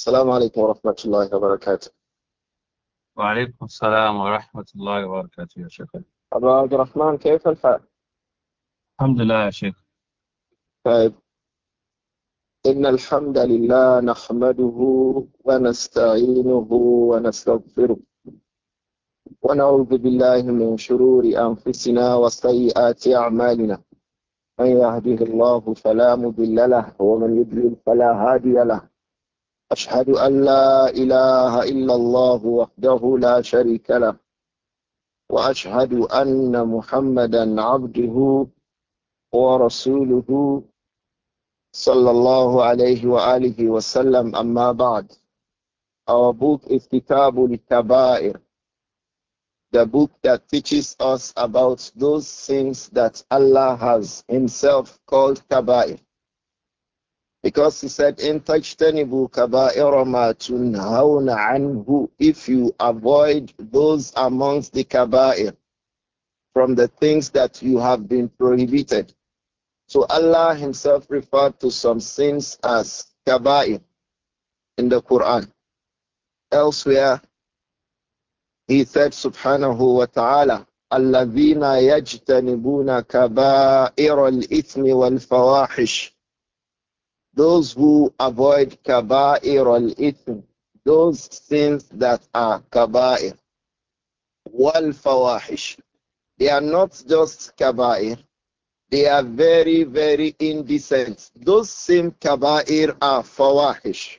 السلام عليكم ورحمة الله وبركاته وعليكم السلام ورحمة الله وبركاته يا شيخ أبو عبد الرحمن كيف الحال؟ الحمد لله يا شيخ طيب إن الحمد لله نحمده ونستعينه ونستغفره ونعوذ بالله من شرور أنفسنا وسيئات أعمالنا من يهده الله فلا مضل له ومن يضلل فلا هادي له أشهد أن لا إله إلا الله وحده لا شريك له وأشهد أن محمدا عبده ورسوله صلى الله عليه وآله وسلم أما بعد Our book is Kitabul Kabair the book that teaches us about those things that Allah has Himself called Kabair. Because he said, In tajtanibu kaba'irama tunhauna anhu, if you avoid those amongst the kaba'ir, from the things that you have been prohibited. So Allah himself referred to some sins as kaba'ir in the Quran. Elsewhere, he said subhanahu wa ta'ala, الَّذِينَ يَجْتَنِبُونَ كَبَائِرَ الْإِثْمِ وَالْفَوَاحِشِ those who avoid kaba'ir al-ithm, those sins that are kaba'ir, wal fawahish, they are not just kaba'ir, they are very, very indecent. Those same kaba'ir are fawahish.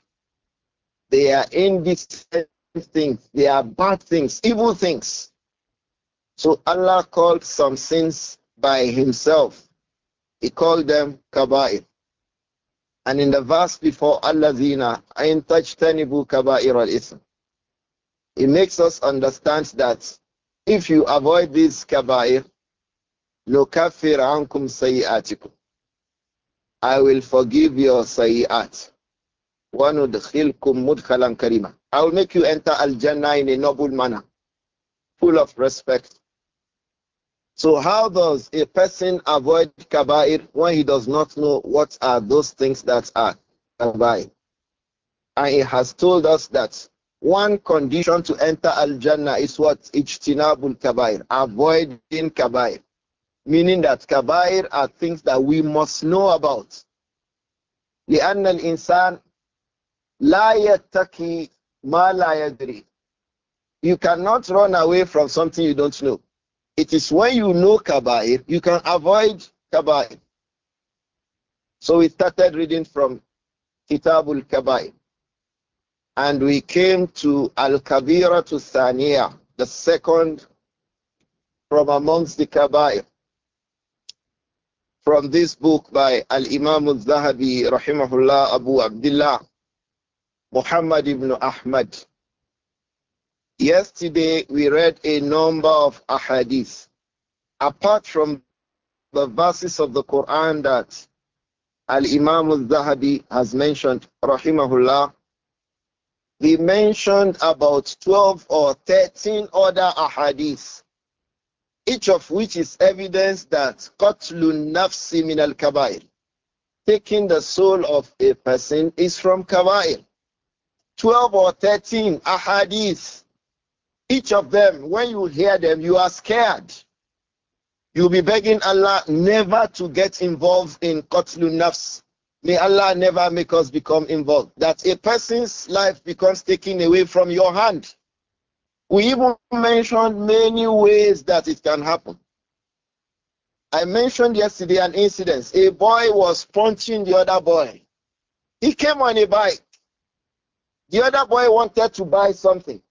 They are indecent things. They are bad things, evil things. So Allah called some sins by himself. He called them kaba'ir. And in the verse before, Allazina, ain tajtanibu kaba'ir al-ithm. It makes us understand that if you avoid these kaba'ir, nukaffir ankum sayyatikum. I will forgive your sayyat. وَنُدْخِلْكُمْ مُدْخَلًا karima. I will make you enter Al-Jannah in a noble manner, full of respect. So how does a person avoid kaba'ir when he does not know what are those things that are kaba'ir? And he has told us that one condition to enter al-Jannah is what? Ijtinabul kaba'ir, avoiding kaba'ir. Meaning that kaba'ir are things that we must know about. لأن الإنسان لا يتقي ما لا يدري. You cannot run away from something you don't know. It is when you know Kaba'ir, you can avoid Kaba'ir. So we started reading from Kitabul Kaba'ir. And we came to Al Kabira to Thaniya, the second from amongst the Kaba'ir. From this book by Al Imam al Zahabi, Rahimahullah Abu Abdullah, Muhammad ibn Ahmad, Yesterday we read a number of ahadith. Apart from the verses of the Quran that Al Imam al Zahabi has mentioned, Rahimahullah, we mentioned about 12 or 13 other ahadith, each of which is evidence that Qatlun Nafsi min al Kabair, taking the soul of a person, is from Kabair. 12 or 13 ahadith each of them, when you hear them, you are scared. You'll be begging Allah never to get involved in Qatlun Nafs. May Allah never make us become involved. That a person's life becomes taken away from your hand. We even mentioned many ways that it can happen. I mentioned yesterday an incident. A boy was punching the other boy. He came on a bike. The other boy wanted to buy something.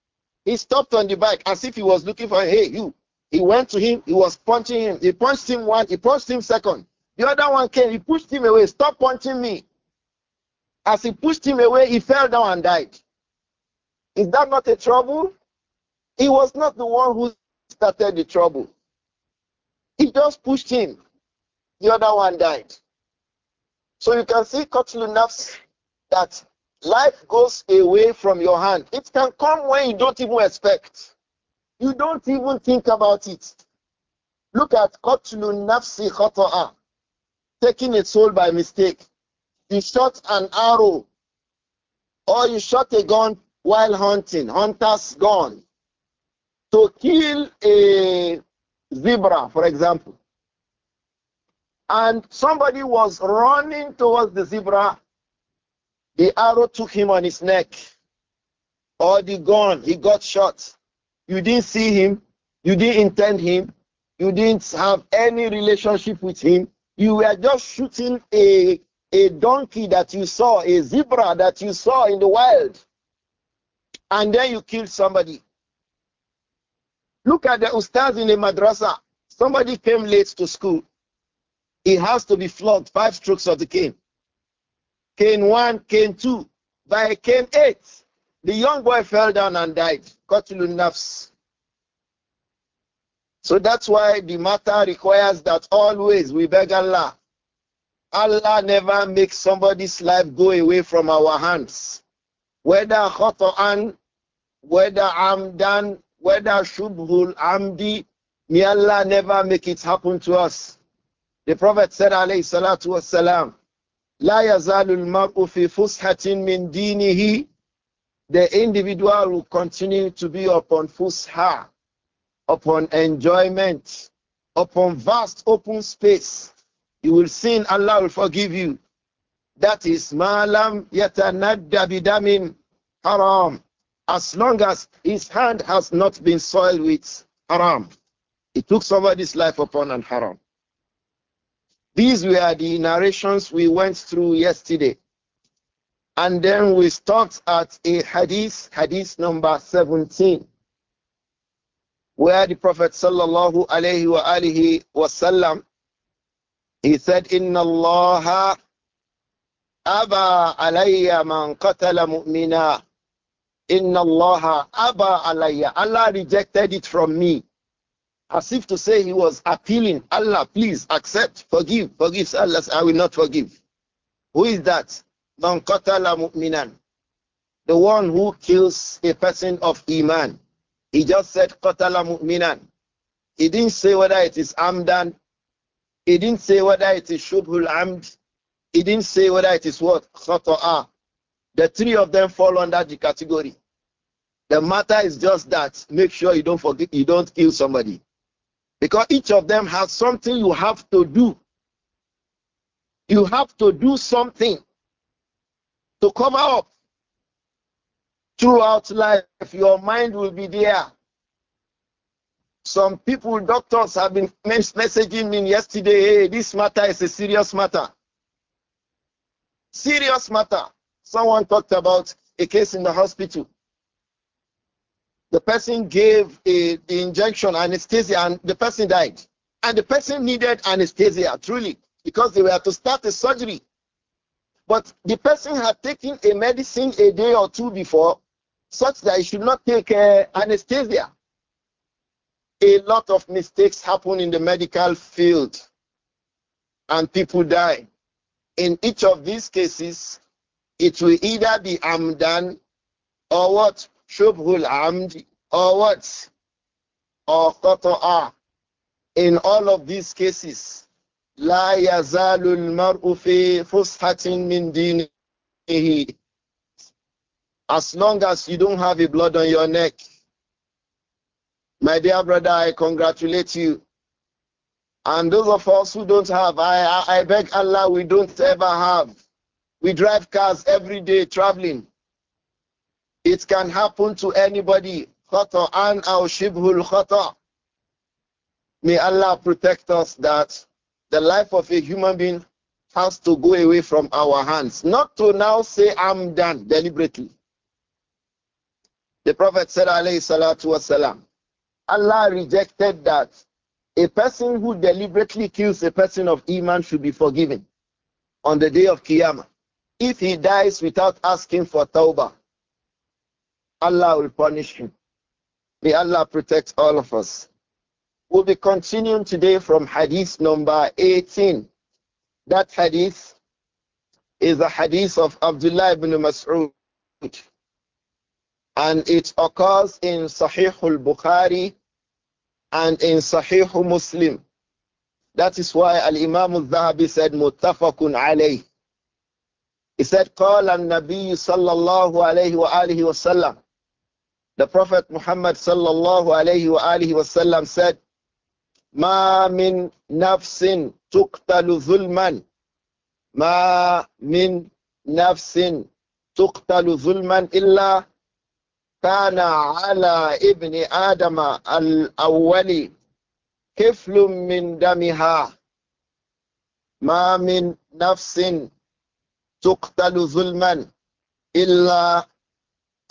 He stopped on the bike as if he was looking for, hey, you. He went to him, he was punching him. He punched him one, he punched him second. The other one came, he pushed him away, stop punching me. As he pushed him away, he fell down and died. Is that not a trouble? He was not the one who started the trouble. He just pushed him. The other one died. So you can see Kotlunafs that Life goes away from your hand. It can come when you don't even expect. You don't even think about it. Look at Qatlu Nafsi Khata'a, taking a soul by mistake. You shot an arrow or you shot a gun while hunting, hunter's gun. To kill a zebra, for example, and somebody was running towards the zebra the arrow took him on his neck or the gun, he got shot. You didn't see him, you didn't intend him, you didn't have any relationship with him. You were just shooting a, a donkey that you saw, a zebra that you saw in the wild, and then you killed somebody. Look at the ustaz in the madrasa. Somebody came late to school. He has to be flogged five strokes of the cane. Cane 1, Cane 2. By Cane 8, the young boy fell down and died. Qatlun nafs. So that's why the matter requires that always we beg Allah. Allah never makes somebody's life go away from our hands. Whether khata'an, whether amdan, whether shubhul amdi, may Allah never make it happen to us. The Prophet said, alayhi salatu wasalam, لا يزال المرء في فسحة من دينه the individual will continue to be upon fusha, upon enjoyment, upon vast open space. You will sin, Allah will forgive you. That is ma'lam yatanadda bidamin haram. As long as his hand has not been soiled with haram. He took somebody's life upon an haram. These were the narrations we went through yesterday. And then we stopped at a hadith, hadith number 17, where the Prophet sallallahu alayhi wa alihi wasallam, he said, Inna Allah aba alayya man qatala mu'mina. Inna Allah aba alayya. Allah rejected it from me. As if to say he was appealing, Allah, please accept, forgive, forgive. Allah, I will not forgive. Who is that? Man qatala mu'minan. The one who kills a person of Iman. He just said qatala mu'minan. He didn't say whether it is Amdan. He didn't say whether it is Shubhul Amd. He didn't say whether it is what? Khata'a. The three of them fall under the category. The matter is just that make sure you don't forget you don't kill somebody. Because each of them has something you have to do. You have to do something to come up. Throughout life, your mind will be there. Some people, doctors, have been messaging me yesterday hey, this matter is a serious matter. Serious matter. Someone talked about a case in the hospital. The person gave a, the injection anesthesia and the person died. And the person needed anesthesia, truly, because they were to start the surgery. But the person had taken a medicine a day or two before, such that he should not take uh, anesthesia. A lot of mistakes happen in the medical field, and people die. In each of these cases, it will either be amdan or what? Shubhul amd or what? Or qata'a. In all of these cases, لا يزال المرء في فسحة من As long as you don't have a blood on your neck. My dear brother, I congratulate you. And those of us who don't have, I, I beg Allah, we don't ever have. We drive cars every day traveling. It can happen to anybody khata'an aw shibhul khata'. May Allah protect us that the life of a human being has to go away from our hands. Not to now say, I'm done deliberately. The Prophet said, alayhi salatu wasalam, Allah rejected that a person who deliberately kills a person of Iman should be forgiven on the day of Qiyamah. If he dies without asking for Tawbah, Allah will punish him. May Allah protect all of us. We'll be continuing today from hadith number 18. That hadith is the hadith of Abdullah ibn Mas'ud. And it occurs in Sahih al-Bukhari and in Sahih Muslim. That is why Al-Imam al-Zahabi said, Muttafaqun alayh. He said, قال النبي صلى الله عليه wa sallam. The Prophet Muhammad sallallahu alayhi wasallam said, "Ma min nafsin tuqtalu zulman, ma min nafsin tuqtalu zulman illa kana ala ibni Adam al-awwali kiflun min damiha." ما من nafsin تقتل ظلما إلا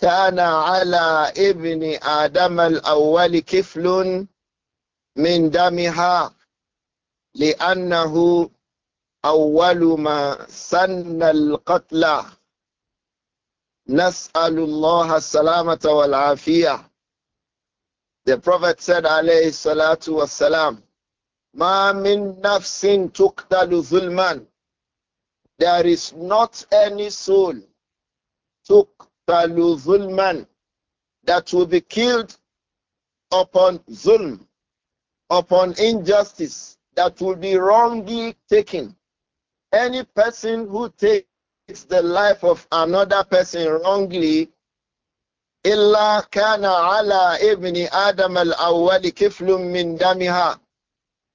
كان على ابن آدم الأول كفل من دمها لأنه أول ما سن القتلى نسأل الله السلامة والعافية The Prophet said عليه الصلاة والسلام ما من نفس تقتل ظلما There is not any soul took قَتَلُوا ظُلْمًا That will be killed upon zulm, upon injustice, that will be wrongly taken. Any person who takes the life of another person wrongly, kana ala ibni Adam al الْأَوَّلِ kiflum min damiha.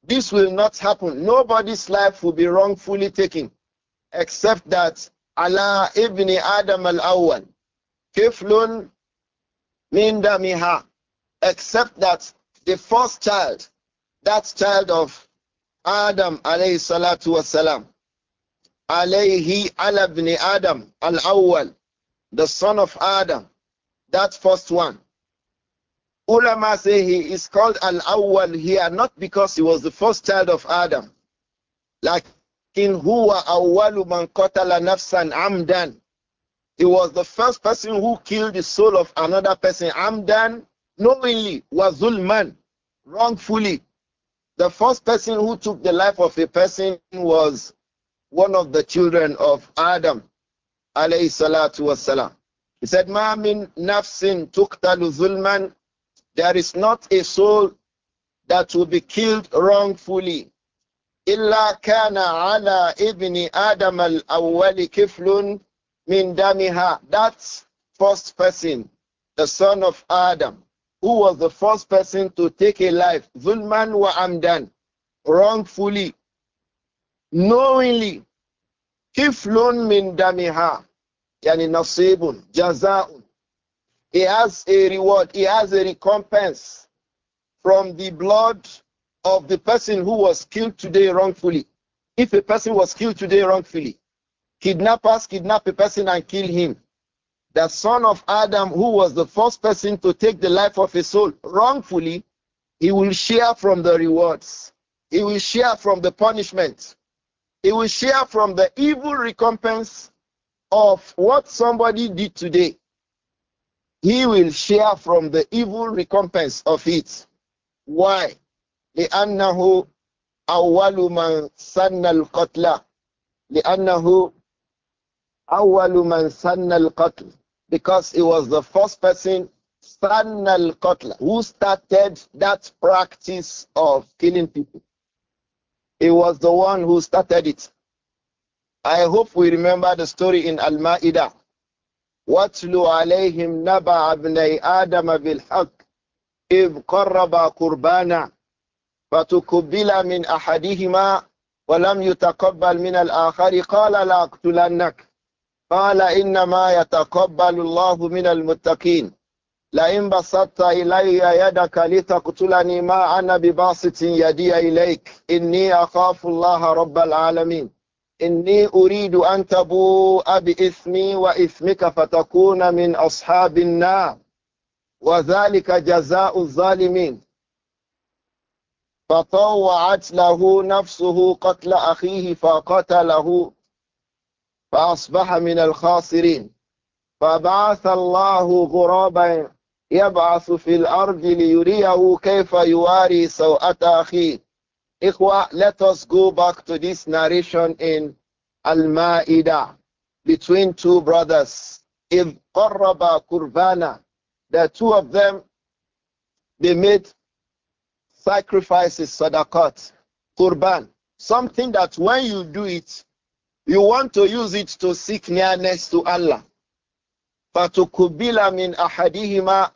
This will not happen. Nobody's life will be wrongfully taken, except that Allah ibn Adam al-Awwal Kiflun Minda miha, except that the first child, that child of Adam alayhi salatu wasalam, alayhi ala ibn Adam al-awwal, the son of Adam, that first one. Ulama say he is called al-awwal here, not because he was the first child of Adam, like in huwa awwalu man qatala nafsan amdan he was the first person who killed the soul of another person. Amdan knowingly was Zulman, wrongfully. The first person who took the life of a person was one of the children of Adam, alayhi salatu wasalam. He said, Ma min nafsin tuqtalu zulman. There is not a soul that will be killed wrongfully. Illa kana ala ibni Adam al-awwali kiflun Minda miha. That first person, the son of Adam, who was the first person to take a life, zulman wa amdan, wrongfully, knowingly, kiflun min damiha, yani nasibun, jaza'un. He has a reward, he has a recompense from the blood of the person who was killed today wrongfully. If a person was killed today wrongfully, Kidnappers kidnap a person and kill him. The son of Adam, who was the first person to take the life of a soul wrongfully, he will share from the rewards. He will share from the punishment. He will share from the evil recompense of what somebody did today. He will share from the evil recompense of it. Why? لأنه أول من سن الْقَتْلَ لأنه أول من سن القتل because he was the first person سن القتل who started that practice of killing people he was the one who started it I hope we remember the story in Al-Ma'idah واتل عليهم نبع ابني آدم بالحق إذ قربا قربانا فتقبل من أحدهما ولم يتقبل من الآخر قال لا أقتلنك قال إنما يتقبل الله من المتقين لئن بسطت إلي يدك لتقتلني ما أنا بباسط يدي إليك إني أخاف الله رب العالمين إني أريد أن تبوء بإثمي وإثمك فتكون من أصحاب النار وذلك جزاء الظالمين فطوعت له نفسه قتل أخيه فقتله فأصبح من الخاسرين فبعث الله غرابا يبعث في الأرض ليريه كيف يواري سوءة أخيه إخوة let us go back to this narration in Al-Ma'idah between two brothers. If Qarraba Kurvana, the two of them, they made sacrifices, sadaqat, kurban, something that when you do it, you want to use it to seek nearness to Allah. فَتُكُبِّلَ مِنْ أَحَدِهِمَا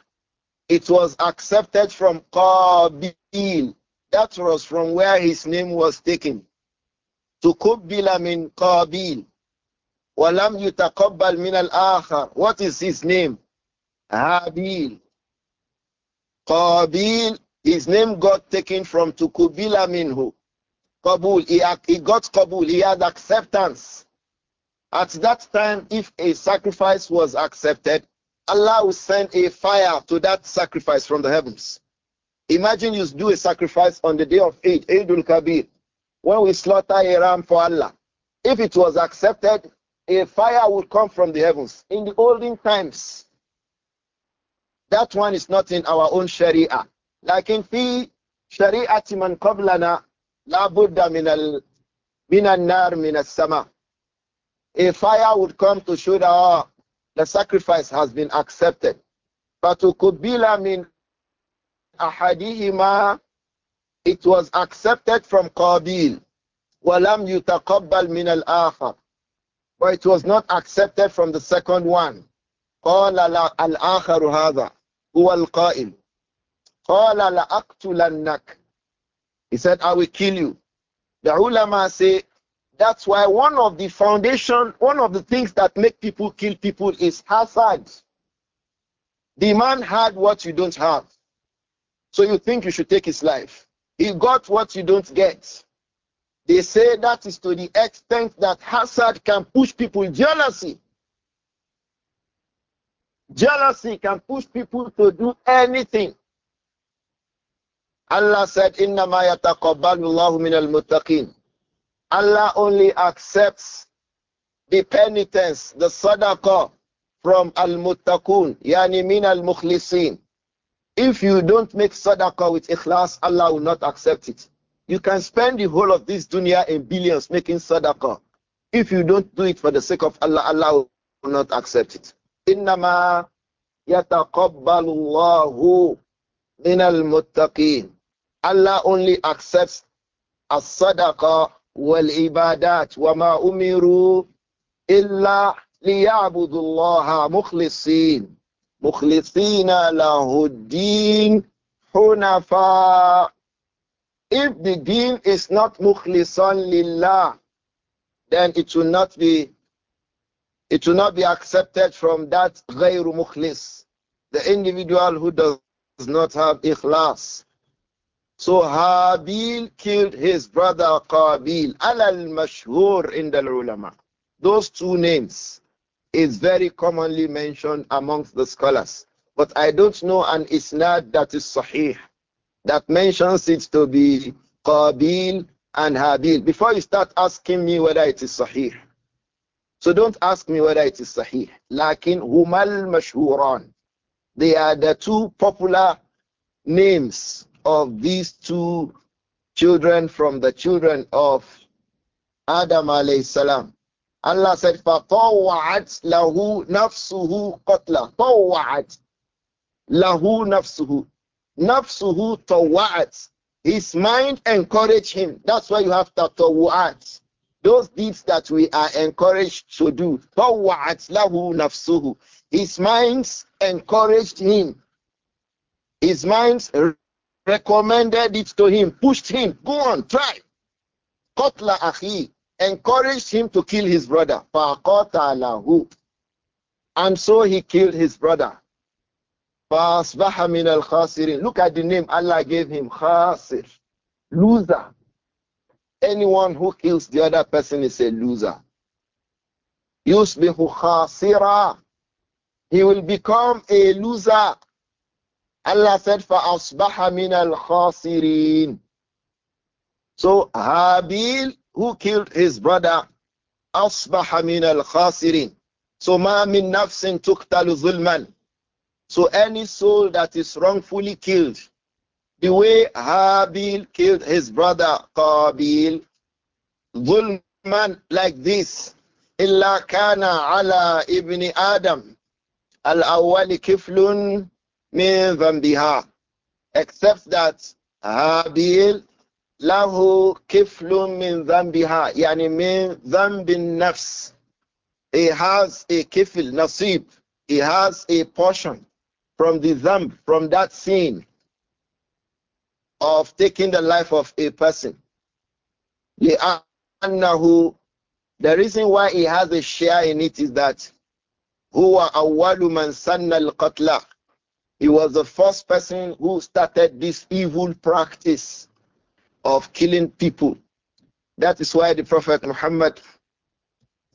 It was accepted from Qabil. That was from where his name was taken. تُكُبِّلَ مِنْ قَابِيلٍ وَلَمْ يُتَقَبَّلْ مِنَ الْآخَرِ What is his name? Habil. Qabil, his name got taken from Tukubila minhu. Kabul. He, he got Kabul. He had acceptance. At that time, if a sacrifice was accepted, Allah will send a fire to that sacrifice from the heavens. Imagine you do a sacrifice on the day of Eid, Eidul Kabir, when we slaughter a ram for Allah. If it was accepted, a fire would come from the heavens. In the olden times, that one is not in our own Sharia. Like in fi Sharia and qablana La Buddha minal minan minas sama. A fire would come to show that oh, the sacrifice has been accepted. But to kubila min ahadihima, it was accepted from Qabil. Walam yutaqabbal min al akhar. But it was not accepted from the second one. قال الآخر هذا هو القائل قال لأقتلنك he said, I will kill you. The ulama say, that's why one of the foundation, one of the things that make people kill people is hazard. The man had what you don't have. So you think you should take his life. He got what you don't get. They say that is to the extent that hazard can push people jealousy. Jealousy can push people to do anything. Allah said, Inna ma yataqabbalullahu min al-muttaqin. Allah only accepts the penitence, the sadaqah from al-muttaqun, yani min al-mukhlisin. If you don't make sadaqah with ikhlas, Allah will not accept it. You can spend the whole of this dunya in billions making sadaqah. If you don't do it for the sake of Allah, Allah will not accept it. إنما يتقبل min al المتقين Allah only accepts as sadaqah wal ibadat wa ma umiru illa liya'budullaha mukhlisin mukhlisina lahuddin hunafa if the deen is not mukhlisan lillah then it will not be it will not be accepted from that ghayru mukhlis the individual who does not have ikhlas so Habil killed his brother Qabil. Alal mashhur in the ulama. Those two names is very commonly mentioned amongst the scholars. But I don't know an isnad that is sahih that mentions it to be Qabil and Habil. Before you start asking me whether it is sahih. So don't ask me whether it is sahih. Lakin humal mashhuran. They are the two popular names of these two children from the children of Adam alayhi salam. Allah said, فَطَوَّعَتْ لَهُ نَفْسُهُ قَتْلًا طَوَّعَتْ لَهُ نَفْسُهُ نَفْسُهُ طَوَّعَتْ His mind encouraged him. That's why you have tatawu'at. Those deeds that we are encouraged to do. طَوَّعَتْ لَهُ نَفْسُهُ His mind encouraged him. His mind recommended it to him, pushed him, go on, try. Kotla Ahi encouraged him to kill his brother. And so he killed his brother. Look at the name Allah gave him, Khasir, loser. Anyone who kills the other person is a loser. Yusbihu khasira. He will become a loser. Allah said, فَأَصْبَحَ مِنَ الْخَاسِرِينَ So Habil, who killed his brother, أَصْبَحَ مِنَ الْخَاسِرِينَ So مَا مِن نَفْسٍ تُقْتَلُ ظُلْمًا So any soul that is wrongfully killed, the way Habil killed his brother Qabil, Zulman like this, إِلَّا كَانَ عَلَى إِبْنِ آدَمَ الْأَوَّلِ كِفْلٌ min zambiha, except that Habil lahu kiflun min zambiha. yani min dhanbin nafs he has a kifl nasib he has a portion from the zamb from that sin of taking the life of a person لأنه the reason why he has a share in it is that هو أول sana al القتلى he was the first person who started this evil practice of killing people. That is why the Prophet Muhammad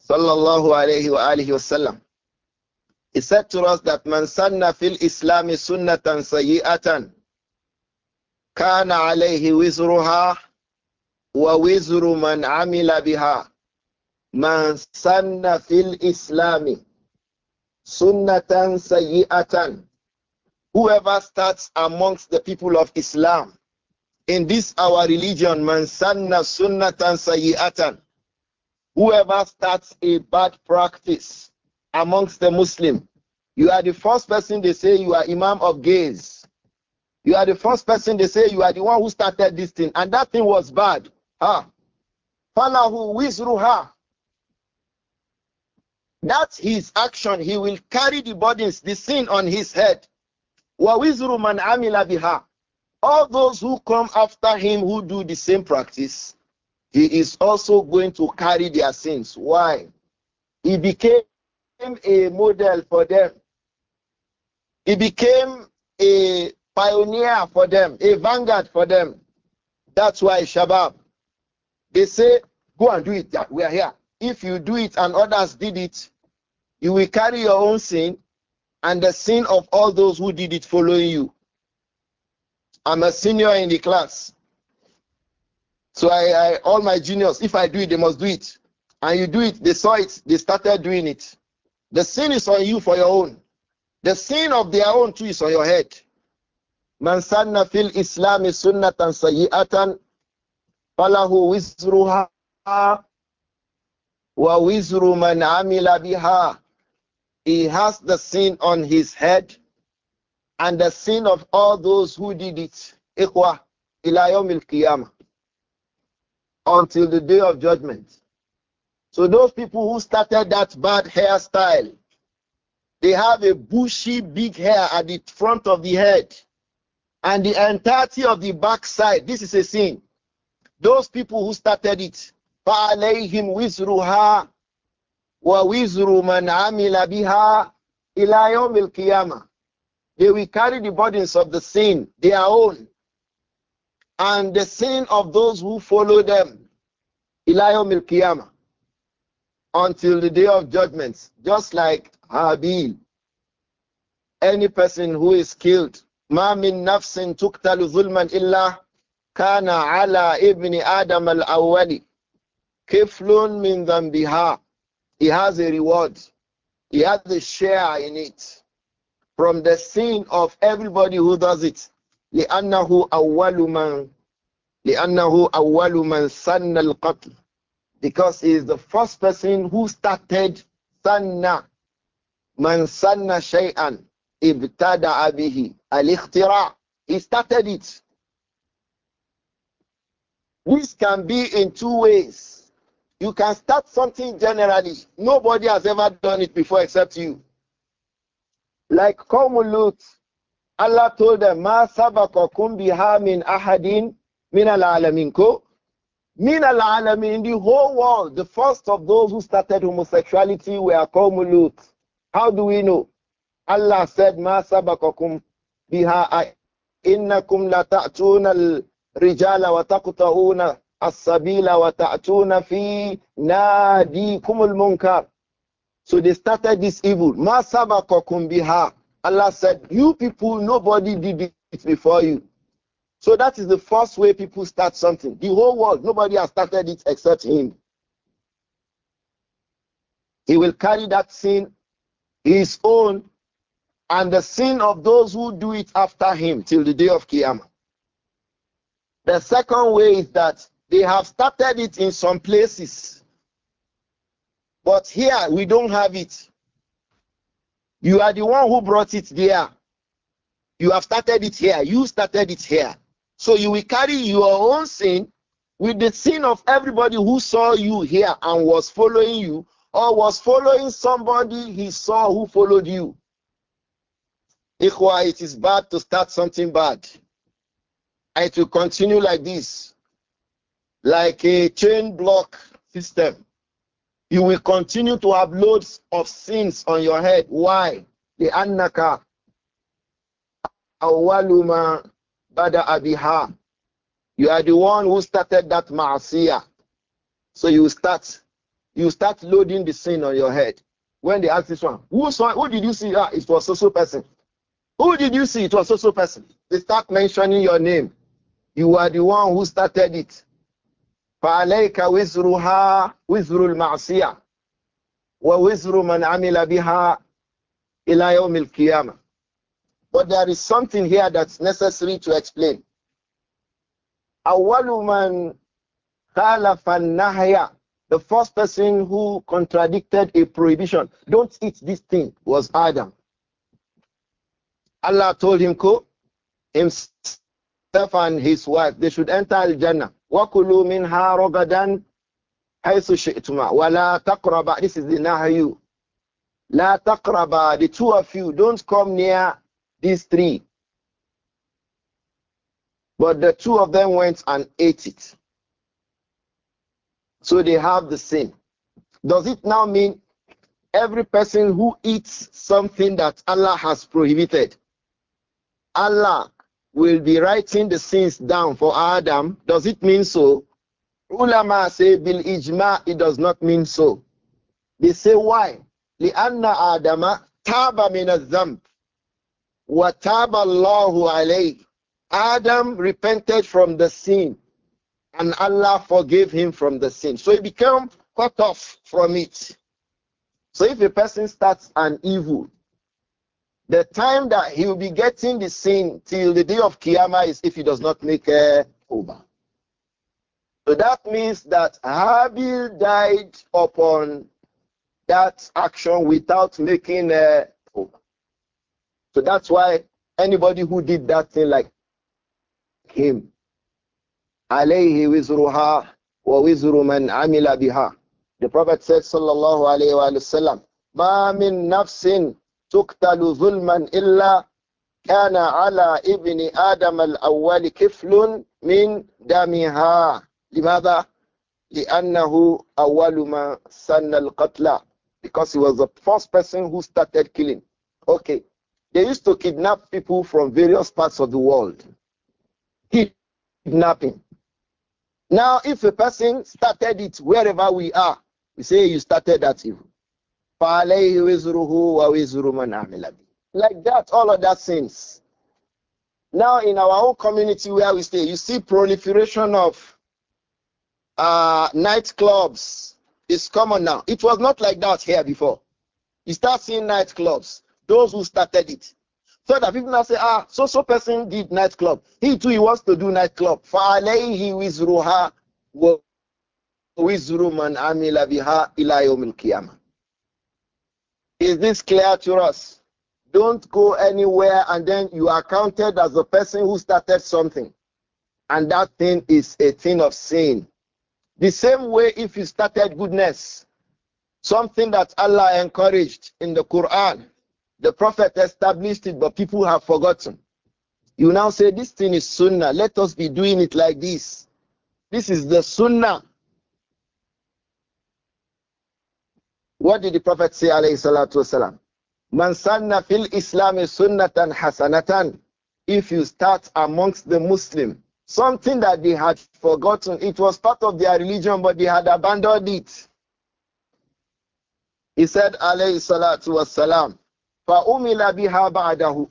sallallahu alayhi wa wasallam he said to us that man sanna fil islami sunnatan sayyi'atan kana alayhi wizruha wa wizru man amila biha man sanna fil islami sunnatan sayyi'atan Whoever starts amongst the people of Islam in this our religion, man sanna sunnatan sayyatan, whoever starts a bad practice amongst the Muslim, you are the first person they say you are Imam of gays. You are the first person they say you are the one who started this thing, and that thing was bad. Ah, falahu wizruha. That's his action. He will carry the burdens, the sin on his head. وَوِزْرُ مَنْ عَمِلَ بِهَا All those who come after him who do the same practice, he is also going to carry their sins. Why? He became a model for them. He became a pioneer for them, a vanguard for them. That's why Shabab, they say, go and do it. We are here. If you do it and others did it, you will carry your own sin and the sin of all those who did it following you. I'm a senior in the class. So I, I all my juniors, if I do it, they must do it. And you do it, they saw it, they started doing it. The sin is on you for your own. The sin of their own too is on your head. Man sanna fil islami sunnatan sayyi'atan falahu wizruha wa wizru man amila biha he has the sin on his head and the sin of all those who did it. Until the day of judgment. So those people who started that bad hairstyle, they have a bushy big hair at the front of the head and the entirety of the backside. This is a sin. Those people who started it, فَعَلَيْهِمْ وِزْرُهَا وَوِزْرُ مَنْ عَمِلَ بِهَا إِلَى يَوْمِ الْقِيَامَةِ They will carry the burdens of the sin, their own, and the sin of those who follow them, إِلَى يَوْمِ الْقِيَامَةِ Until the day of judgment, just like Habil. Any person who is killed, مَا مِن نَفْسٍ تُقْتَلُ ظُلْمًا إِلَّا كَانَ عَلَى إِبْنِ آدَمَ الْأَوَّلِ كِفْلٌ مِنْ ذَنْبِهَا he has a reward. He has a share in it from the sin of everybody who does it. لأنه أول من لأنه أول من al القتل because he is the first person who started سنة من shay'an ibtada abihi al الاختراع he started it this can be in two ways you can start something generally. Nobody has ever done it before except you. Like Qawmulut, Allah told them, Ma sabakakum biha min ahadin min al-alamin ko. Min al-alamin, the whole world, the first of those who started homosexuality were Qawmulut. How do we know? Allah said, Ma sabakakum biha innakum la ta'tuna al-rijala wa taqta'una so they started this evil. Ma sabaqakum Allah said, you people, nobody did it before you. So that is the first way people start something. The whole world, nobody has started it except him. He will carry that sin, his own, and the sin of those who do it after him till the day of Qiyamah. The second way is that they have started it in some places. But here, we don't have it. You are the one who brought it there. You have started it here. You started it here. So you will carry your own sin with the sin of everybody who saw you here and was following you or was following somebody he saw who followed you. Ikhwa, it is bad to start something bad. And it will continue like this like a chain block system. You will continue to have loads of sins on your head. Why? The annaka awaluma bada abiha. You are the one who started that maasiya. So you start, you start loading the sin on your head. When they ask this one, who saw, who did you see? Ah, it was so so person. Who did you see? It was so so person. They start mentioning your name. You are the one who started it. فَعَلَيْكَ وِزْرُهَا وِزْرُ الْمَعْصِيَةِ وَوِزْرُ مَنْ عَمِلَ بِهَا إِلَى يَوْمِ الْقِيَامَةِ But there is something here that's necessary to explain. أَوَّلُ مَنْ خَالَفَ النَّهْيَ The first person who contradicted a prohibition, don't eat this thing, was Adam. Allah told him, himself and his wife, they should enter Jannah. وَكُلُوا مِنْهَا رَغَدًا حَيْثُ شِئْتُمَا وَلَا تَقْرَبَا This is the nahyu. لَا تَقْرَبَا The two of you, don't come near these three. But the two of them went and ate it. So they have the sin. Does it now mean every person who eats something that Allah has prohibited, Allah will be writing the sins down for Adam. Does it mean so? Ulama say bil ijma, it does not mean so. They say why? Li لأن taba min azam الذنب taba الله عليه. Adam repented from the sin and Allah forgave him from the sin. So he became cut off from it. So if a person starts an evil the time that he will be getting the sin till the day of Qiyamah is if he does not make a Uba. So that means that Habil died upon that action without making a Uba. So that's why anybody who did that thing like him, alayhi wizruha wa wizru man amila biha. The Prophet said, sallallahu alayhi wa sallam, ma min nafsin تقتل ظلما إلا كان على ابن آدم الأول كفل من دمها لماذا؟ لأنه أول ما سن القتل because he was the first person who started killing okay they used to kidnap people from various parts of the world kidnapping now if a person started it wherever we are we say you started that evil like that, all of that sins. Now, in our own community where we stay, you see proliferation of uh, nightclubs. It's common now. It was not like that here before. You start seeing nightclubs, those who started it. So that people now say, ah, so so person did nightclub. He too, he wants to do nightclub. فَعَلَيْهِ وِزْرُهَا وَوِزْرُ مَنْ عَمِلَ بِهَا إِلَى يَوْمِ الْقِيَامَةِ is this clear to us? Don't go anywhere and then you are counted as the person who started something. And that thing is a thing of sin. The same way if you started goodness, something that Allah encouraged in the Quran, the Prophet established it, but people have forgotten. You now say, This thing is Sunnah. Let us be doing it like this. This is the Sunnah. What did the Prophet say, alayhi salatu wasalam? Man sanna fil Islam sunnatan hasanatan. If you start amongst the Muslim, something that they had forgotten, it was part of their religion, but they had abandoned it. He said, alayhi salatu wasalam, fa'umila biha ba'dahu.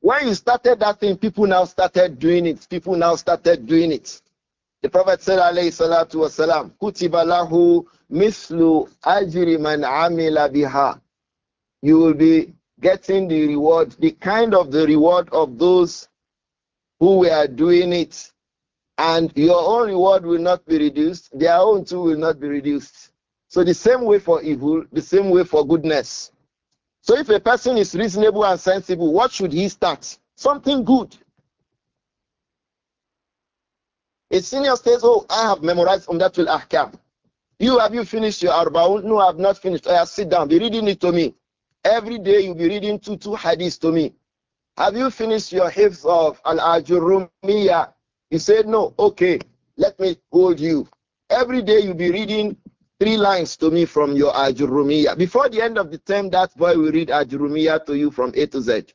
When you started that thing, people now started doing it. People now started doing it. The Prophet said, alayhi salatu wasalam, kutiba lahu mislu ajri man amila biha. You will be getting the reward, the kind of the reward of those who were doing it. And your own reward will not be reduced, their own too will not be reduced. So the same way for evil, the same way for goodness. So if a person is reasonable and sensible, what should he start? Something good. A senior says, Oh, I have memorized on that Umdatul Ahkam. You have you finished your Arbaun? No, I have not finished. I have sit down, be reading it to me. Every day you'll be reading two two hadiths to me. Have you finished your half of Al Ajurumiyah? He said, No, okay, let me hold you. Every day you'll be reading three lines to me from your Ajurumiyah. Before the end of the term, that boy will read Ajurumiyah to you from A to Z.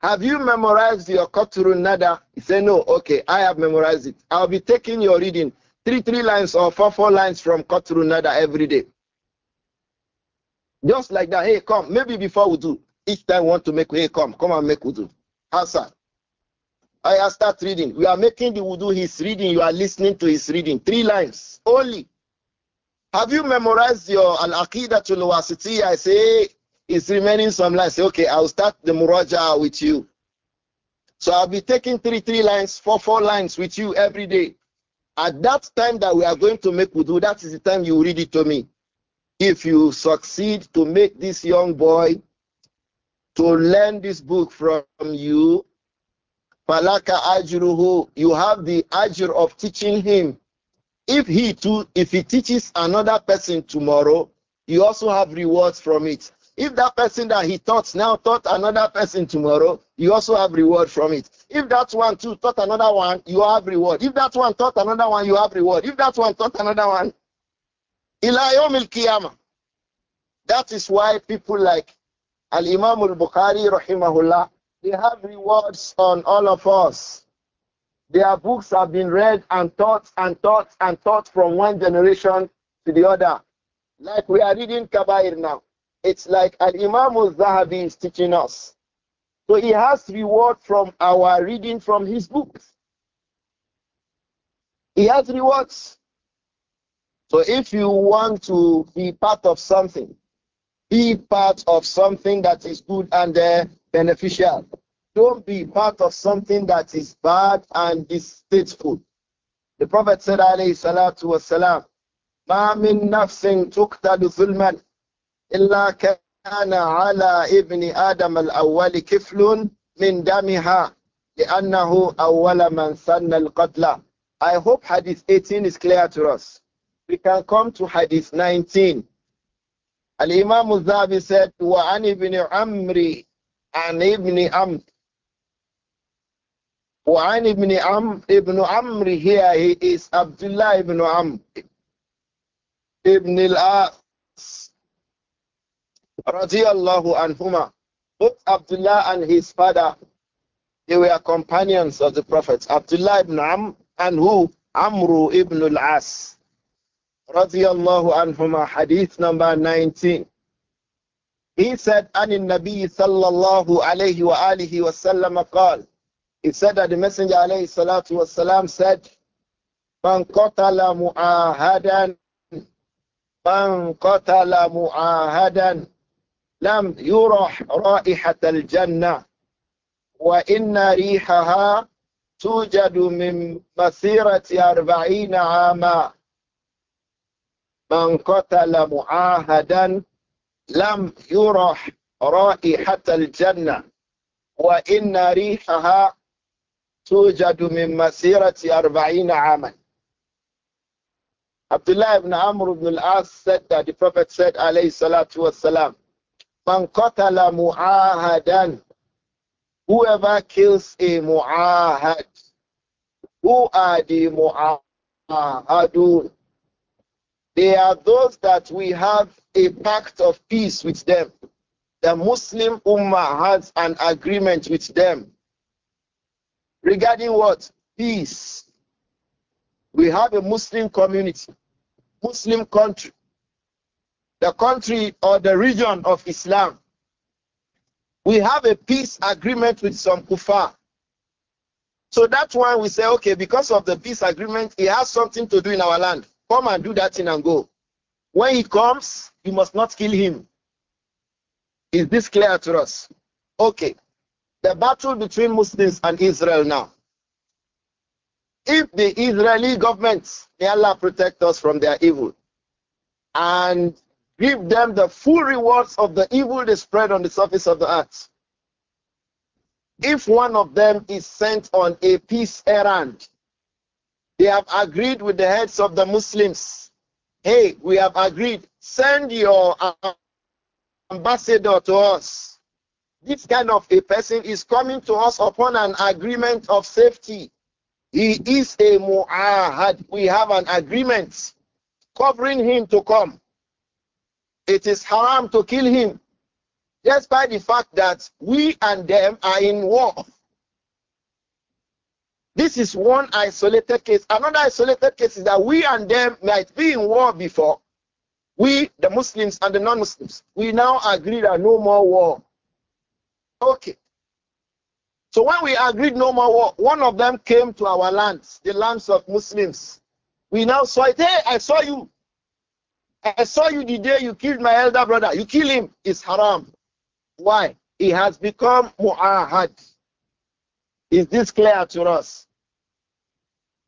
Have you memorized your Qatrun Nada? He said, No, okay, I have memorized it. I'll be taking your reading, three, three lines or four, four lines from Qatrun Nada every day. Just like that, hey, come, maybe before we do, each time we want to make, hey, come, come and make wudu. Answer. I start reading. We are making the wudu his reading. You are listening to his reading. Three lines only. Have you memorized your Al Aqidah to Wasitiyah? I say, it's remaining some lines. Say, okay, I'll start the muraja with you. So I'll be taking three, three lines, four, four lines with you every day. At that time that we are going to make wudu, that is the time you read it to me. If you succeed to make this young boy to learn this book from you, Falaka ajruhu, you have the ajr of teaching him. If he too, if he teaches another person tomorrow, you also have rewards from it. If that person that he taught now taught another person tomorrow, you also have reward from it. If that one too taught another one, you have reward. If that one taught another one, you have reward. If that one taught another one, ilayomil qiyamah. That is why people like Al Imam Al Bukhari, rahimahullah, they have rewards on all of us. Their books have been read and taught and taught and taught from one generation to the other. Like we are reading Kabair now. It's like Al Imam al Zahabi is teaching us. So he has reward from our reading from his books. He has rewards. So if you want to be part of something, be part of something that is good and uh, beneficial. Don't be part of something that is bad and distasteful. The Prophet said, alayhi salatu wasalam, مَا مِن نَفْسٍ تُقْتَلُ ظُلْمًا إلا كان على ابن آدم الأول كفل من دمها لأنه أول من سن القتل I hope hadith 18 is clear to us We can come to hadith 19 الإمام الذهبي said وعن ابن عمري عن ابن عم وعن ابن عم ابن عمري here he is عبد الله ابن عم ابن الأ radiallahu anhuma. Both Abdullah and his father, they were companions of the Prophet. Abdullah ibn Amr and who? Amru ibn al-As. Radiallahu anhuma, hadith number 19. He said, عن Nabi صلى الله عليه وآله وسلم He said that the Messenger عليه الصلاة والسلام said, من قتل معاهدا من قتل معاهدا لم يرى رائحة الجنة وإن ريحها توجد من مسيرة أربعين عاما من قتل معاهدا لم يرى رائحة الجنة وإن ريحها توجد من مسيرة أربعين عاما Abdullah ibn Amr ibn al-As said that the Prophet said, alayhi salatu wasalam, mu'ahadan. Whoever kills a mu'ahad. Who are the mu'ahadun? They are those that we have a pact of peace with them. The Muslim Ummah has an agreement with them. Regarding what? Peace. We have a Muslim community, Muslim country the country or the region of Islam. We have a peace agreement with some kuffar. So that's why we say, okay, because of the peace agreement, he has something to do in our land. Come and do that thing and go. When he comes, you must not kill him. Is this clear to us? Okay. The battle between Muslims and Israel now. If the Israeli government, may Allah protect us from their evil, and Give them the full rewards of the evil they spread on the surface of the earth. If one of them is sent on a peace errand, they have agreed with the heads of the Muslims. Hey, we have agreed. Send your ambassador to us. This kind of a person is coming to us upon an agreement of safety. He is a mu'ahad. We have an agreement covering him to come. It is haram to kill him, despite the fact that we and them are in war. This is one isolated case. Another isolated case is that we and them might be in war before. We, the Muslims and the non Muslims, we now agree that no more war. Okay. So when we agreed no more war, one of them came to our lands, the lands of Muslims. We now saw it. Hey, I saw you. I saw you the day you killed my elder brother. You kill him. It's haram. Why? He has become mu'ahad. Is this clear to us?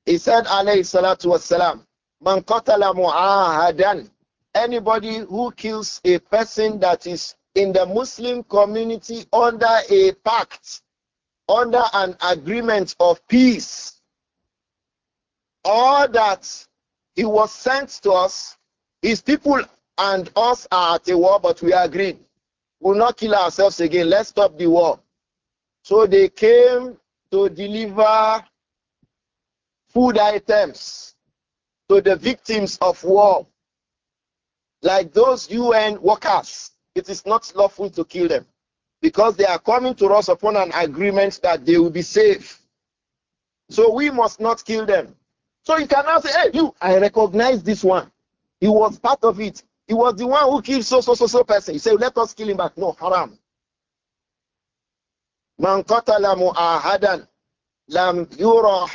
He said, alayhi salatu wassalam, man qatala mu'ahadan. Anybody who kills a person that is in the Muslim community under a pact, under an agreement of peace, or that he was sent to us his people and us are at a war, but we agreed. We'll not kill ourselves again. Let's stop the war. So they came to deliver food items to the victims of war, like those UN workers. It is not lawful to kill them because they are coming to us upon an agreement that they will be safe. So we must not kill them. So you cannot say, hey, you, I recognize this one. He was part of it. He was the one who killed so so so so person. He said, Let us kill him back. No, haram. Man qatala mu'ahadan lam yura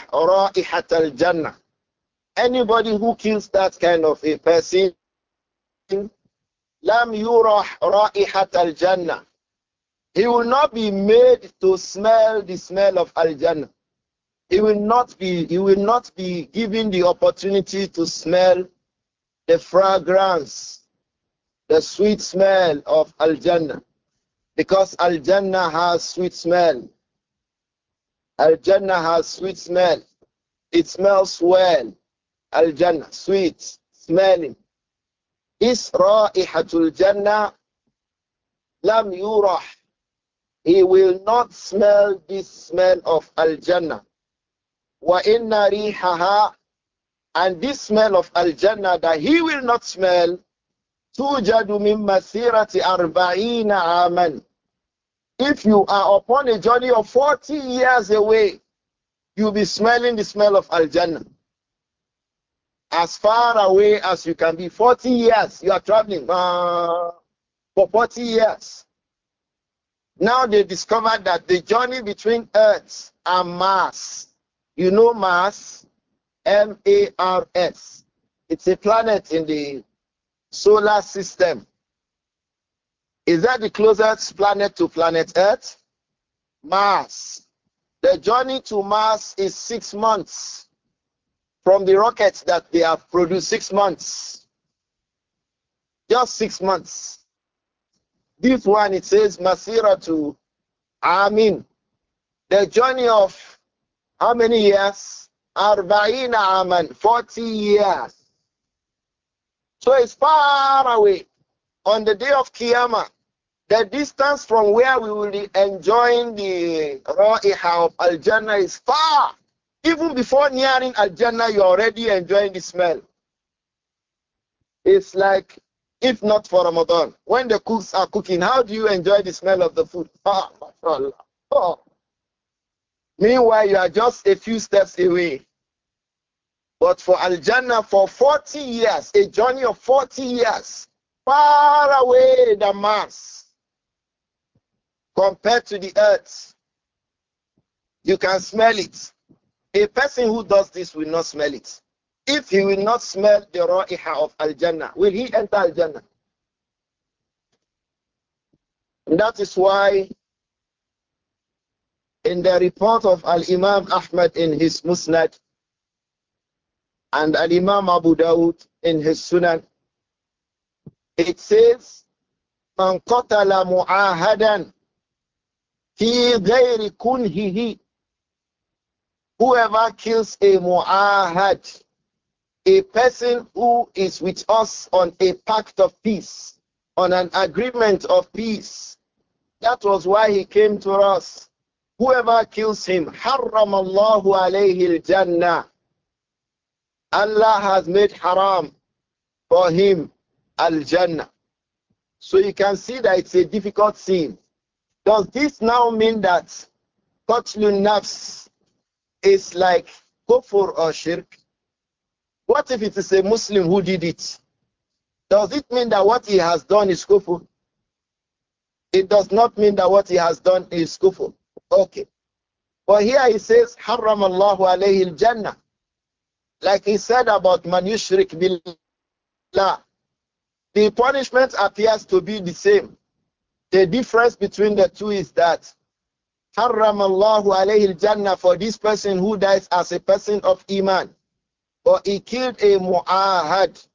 jannah Anybody who kills that kind of a person, lam yura jannah He will not be made to smell the smell of al-jannah. He will not be he will not be given the opportunity to smell the fragrance, the sweet smell of Al Jannah. Because Al Jannah has sweet smell. Al Jannah has sweet smell. It smells well. Al Jannah, sweet, smelling. Is Ra'ihatul Jannah Lam Yurah. He will not smell this smell of Al Jannah. Wa inna rihaha and this smell of Al Jannah that he will not smell, tujadu min masirati arba'ina aman. If you are upon a journey of 40 years away, you'll be smelling the smell of Al Jannah. As far away as you can be, 40 years you are traveling uh, for 40 years. Now they discovered that the journey between Earth and Mars, you know Mars, M A R S. It's a planet in the solar system. Is that the closest planet to planet Earth? Mars. The journey to Mars is six months from the rockets that they have produced, six months. Just six months. This one, it says Masira to Amin. The journey of how many years? Arba'ina aman, 40 years. So it's far away. On the day of Kiyama, the distance from where we will be enjoying the Ra'iha of Al Jannah is far. Even before nearing Al Jannah, you're already enjoying the smell. It's like, if not for Ramadan, when the cooks are cooking, how do you enjoy the smell of the food? Ah, mashallah. Oh, Meanwhile, you are just a few steps away. But for Al Jannah, for 40 years, a journey of 40 years, far away the Mars compared to the earth. You can smell it. A person who does this will not smell it. If he will not smell the ra'iha of Al Jannah, will he enter Al Jannah? And that is why in the report of Al Imam Ahmad in his Musnad and Al Imam Abu Dawud in his Sunan, it says, من قتل معاهدا في غير كنهه Whoever kills a mu'ahad, a person who is with us on a pact of peace, on an agreement of peace, that was why he came to us Whoever kills him, حرم الله عليه jannah Allah has made haram for him al-jannah. So you can see that it's a difficult sin. Does this now mean that qatlun nafs is like kufur or shirk? What if it is a Muslim who did it? Does it mean that what he has done is kufur? It does not mean that what he has done is kufur. Okay. But here he says, Haram Allahu alayhi jannah. Like he said about man yushrik billah. The punishment appears to be the same. The difference between the two is that Haram Allahu alayhi jannah for this person who dies as a person of iman. Or he killed a mu'ahad.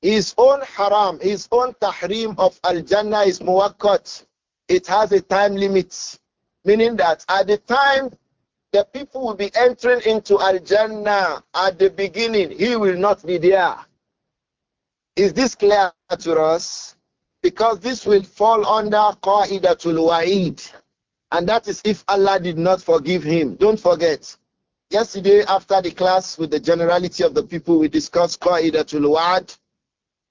His own haram, his own tahrim of al-jannah is muwaqqat. It has a time limit. Meaning that at the time the people will be entering into Al Jannah at the beginning, he will not be there. Is this clear to us? Because this will fall under Qa'idatul Wa'id. And that is if Allah did not forgive him. Don't forget. Yesterday, after the class with the generality of the people, we discussed Qa'idatul Wa'ad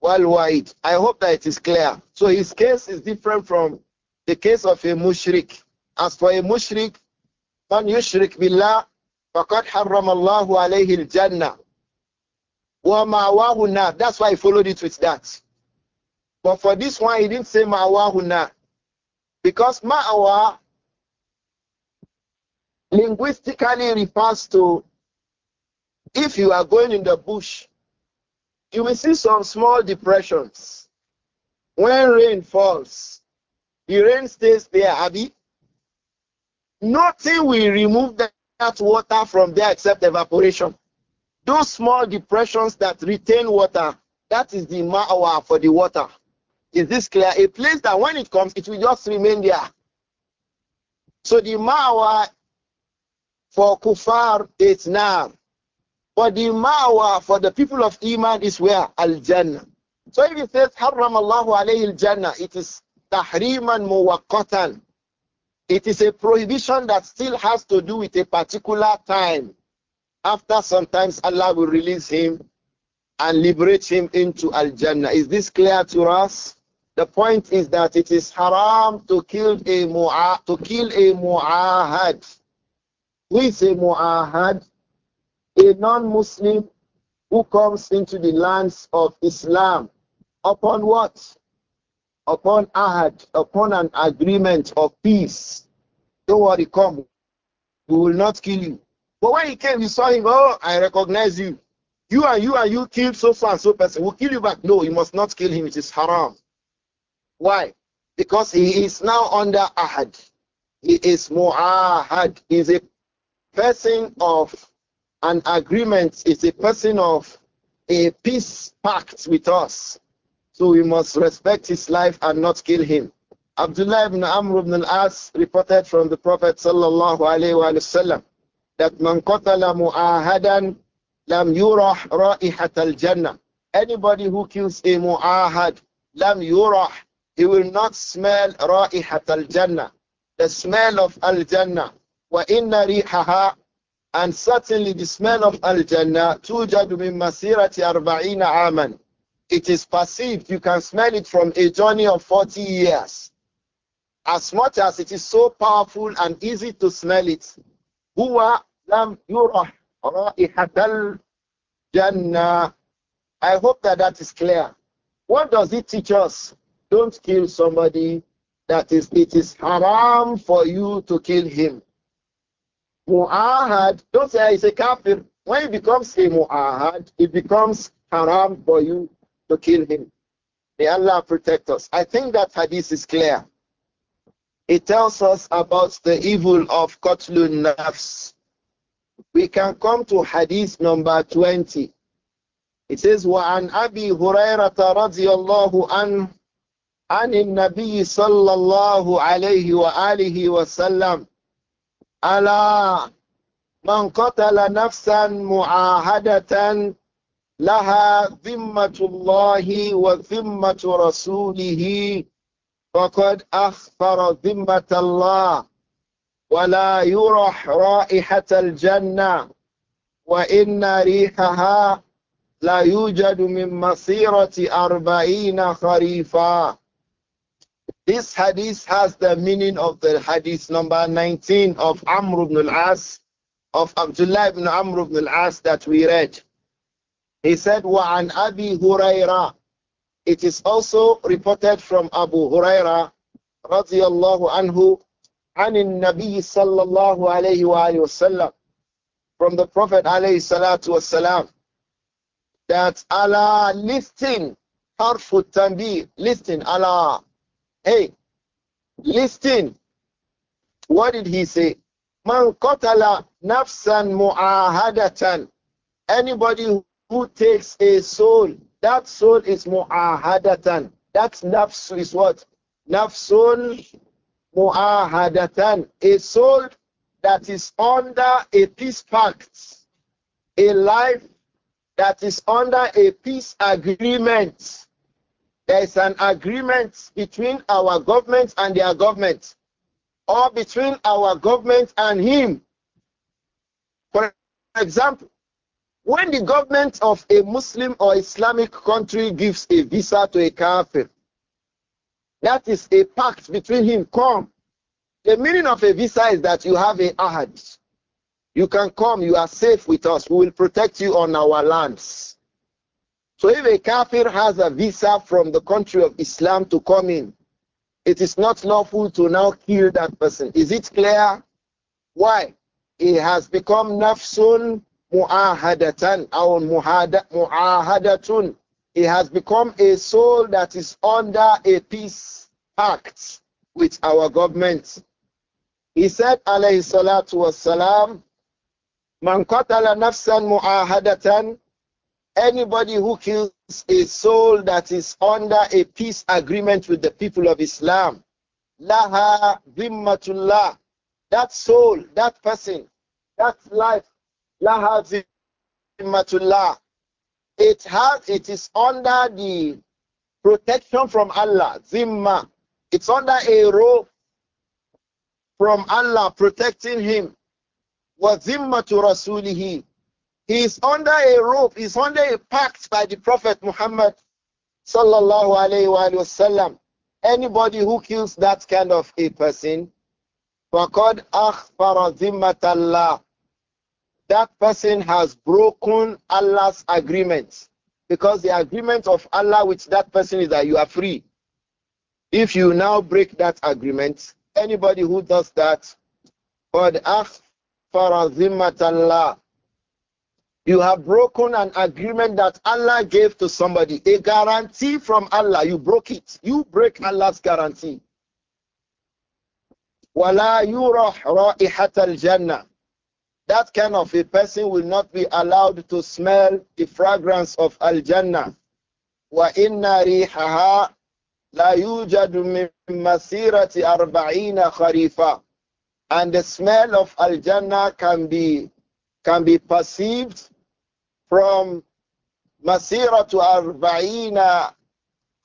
wal Wa'id. I hope that it is clear. So his case is different from the case of a mushrik as for a mushrik, man yushrik billah, faqad harram Allahu alayhi al-jannah. Wa ma'awahu That's why he followed it with that. But for this one, he didn't say ma'awahu nar. Because ma'awa linguistically refers to if you are going in the bush, you will see some small depressions. When rain falls, the rain stays there, Abby. Nothing will remove that, water from there except evaporation. Those small depressions that retain water, that is the ma'awa for the water. Is this clear? A place that when it comes, it will just remain there. So the ma'awa for kufar is nar. But the ma'wa for the people of Iman is where? Al-Jannah. So if it says, Haram Allahu alayhi al-Jannah, it is tahriman muwaqqatan. It is a prohibition that still has to do with a particular time. After sometimes Allah will release him and liberate him into Al Jannah. Is this clear to us? The point is that it is haram to kill a to kill a mu'ahad. Who is a mu'ahad? A non-Muslim who comes into the lands of Islam upon what? upon ahad, upon an agreement of peace. Don't worry, come. We will not kill you. But when he came, he saw him, oh, I recognize you. You and you and you killed so far so person. We'll kill you back. No, you must not kill him. It is haram. Why? Because he is now under ahad. He is mu'ahad. He is a person of an agreement. He is a person of a peace pact with us. So we must respect his life and not kill him. Abdullah ibn Amr ibn al-As reported from the Prophet sallallahu alayhi wasallam that man qatala mu'ahadan lam yurah ra'ihat al-jannah. Anybody who kills a mu'ahad, lam yurah, he will not smell ra'ihat al-jannah, the smell of al-jannah. Wa inna rihaha, and certainly the smell of al-jannah, tujadu min masirati arba'ina aman it is perceived. You can smell it from a journey of 40 years. As much as it is so powerful and easy to smell it, هو لم I hope that that is clear. What does it teach us? Don't kill somebody. That is, it is haram for you to kill him. Mu'ahad, don't say it's a kafir. When he becomes a mu'ahad, it becomes haram for you to kill him. May Allah protect us. I think that hadith is clear. It tells us about the evil of Qatlun Nafs. We can come to hadith number 20. It says, وَعَنْ أَبِي هُرَيْرَةَ رَضِيَ اللَّهُ عَنْهُ عن النبي صلى الله عليه وآله وسلم ألا من قتل نفسا معاهدة لها ذمة الله وذمة رسوله فقد أخفر ذمة الله ولا يرح رائحة الجنة وإن ريحها لا يوجد من مصيرة أربعين خريفا This hadith has the meaning of the hadith number 19 of Amr ibn al-As, of Abdullah ibn Amr ibn al-As that we read. He said, وَعَنْ أَبِي هُرَيْرَةَ It is also reported from Abu Huraira رضي الله عنه عن النبي صلى الله عليه وآله وسلم from the Prophet عليه الصلاة والسلام that Allah listing حرف التنبيه listen Allah hey listing. what did he say من قتل نفسا معاهدة anybody who who takes a soul, that soul is mu'ahadatan. That nafs is what? Nafsun mu'ahadatan. A soul that is under a peace pact. A life that is under a peace agreement. There is an agreement between our government and their government, or between our government and him. For example, when the government of a Muslim or Islamic country gives a visa to a kafir, that is a pact between him. Come. The meaning of a visa is that you have a ahad. You can come. You are safe with us. We will protect you on our lands. So if a kafir has a visa from the country of Islam to come in, it is not lawful to now kill that person. Is it clear? Why? He has become nafsun mu'ahadatan muhada mu'ahadatun. It has become a soul that is under a peace pact with our government. He said, alayhi salatu wassalam, man qatala nafsan mu'ahadatan, anybody who kills a soul that is under a peace agreement with the people of Islam, laha dhimmatullah, that soul, that person, that life laha It has, it is under the protection from Allah, zimma. It's under a rope from Allah protecting him. Zima to rasulihi. He is under a rope, he's under a pact by the Prophet Muhammad sallallahu alayhi wa sallam. Anybody who kills that kind of a person, فَقَدْ أَخْفَرَ ذِمَّةَ اللَّهِ that person has broken Allah's agreement. Because the agreement of Allah with that person is that you are free. If you now break that agreement, anybody who does that, you have broken an agreement that Allah gave to somebody, a guarantee from Allah. You broke it. You break Allah's guarantee. وَلَا يُرَحْ رَائِحَةَ الْجَنَّةِ that kind of a person will not be allowed to smell the fragrance of Al Jannah. Wa وَإِنَّ ha لَا يُوجَدُ مِنْ مَسِيرَةِ arba'ina خَرِيفًا And the smell of Al Jannah can be, can be perceived from Masiratu Arba'ina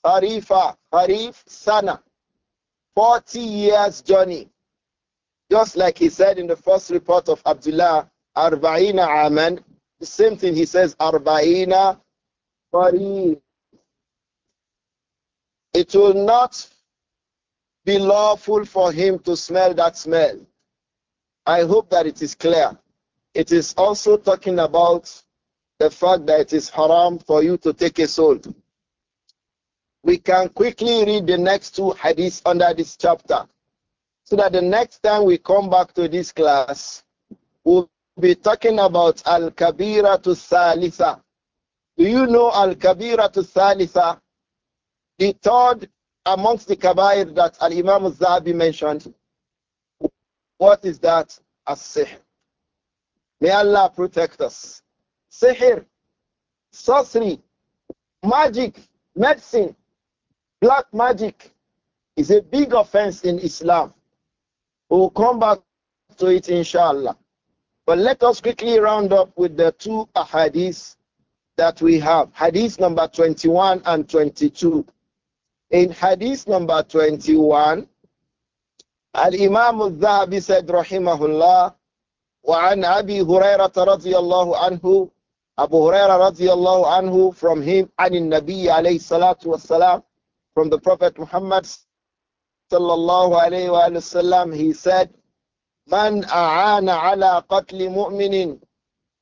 Kharifa, Kharif Sana, 40 years journey. Just like he said in the first report of Abdullah, Arba'ina Aman, the same thing he says, Arba'ina Farid. It will not be lawful for him to smell that smell. I hope that it is clear. It is also talking about the fact that it is haram for you to take a soul. We can quickly read the next two hadiths under this chapter. So that the next time we come back to this class, we'll be talking about Al Kabira to Salisa. Do you know Al Kabira to Salisa? The third amongst the Kabair that Al Imam al Zahabi mentioned. What is that? As Sihr. May Allah protect us. Sihr, sorcery, magic, medicine, black magic is a big offense in Islam. We'll come back to it, inshallah. But let us quickly round up with the two hadiths that we have hadith number 21 and 22. In hadith number 21, Al Imam al Zahabi said, Rahimahullah, وعن أبي هريرة رضي الله عنه Abu Huraira الله anhu from him and in عليه alayhi salatu from the Prophet Muhammad sallallahu alayhi wa sallam, he said, Man a'ana ala qatli mu'minin.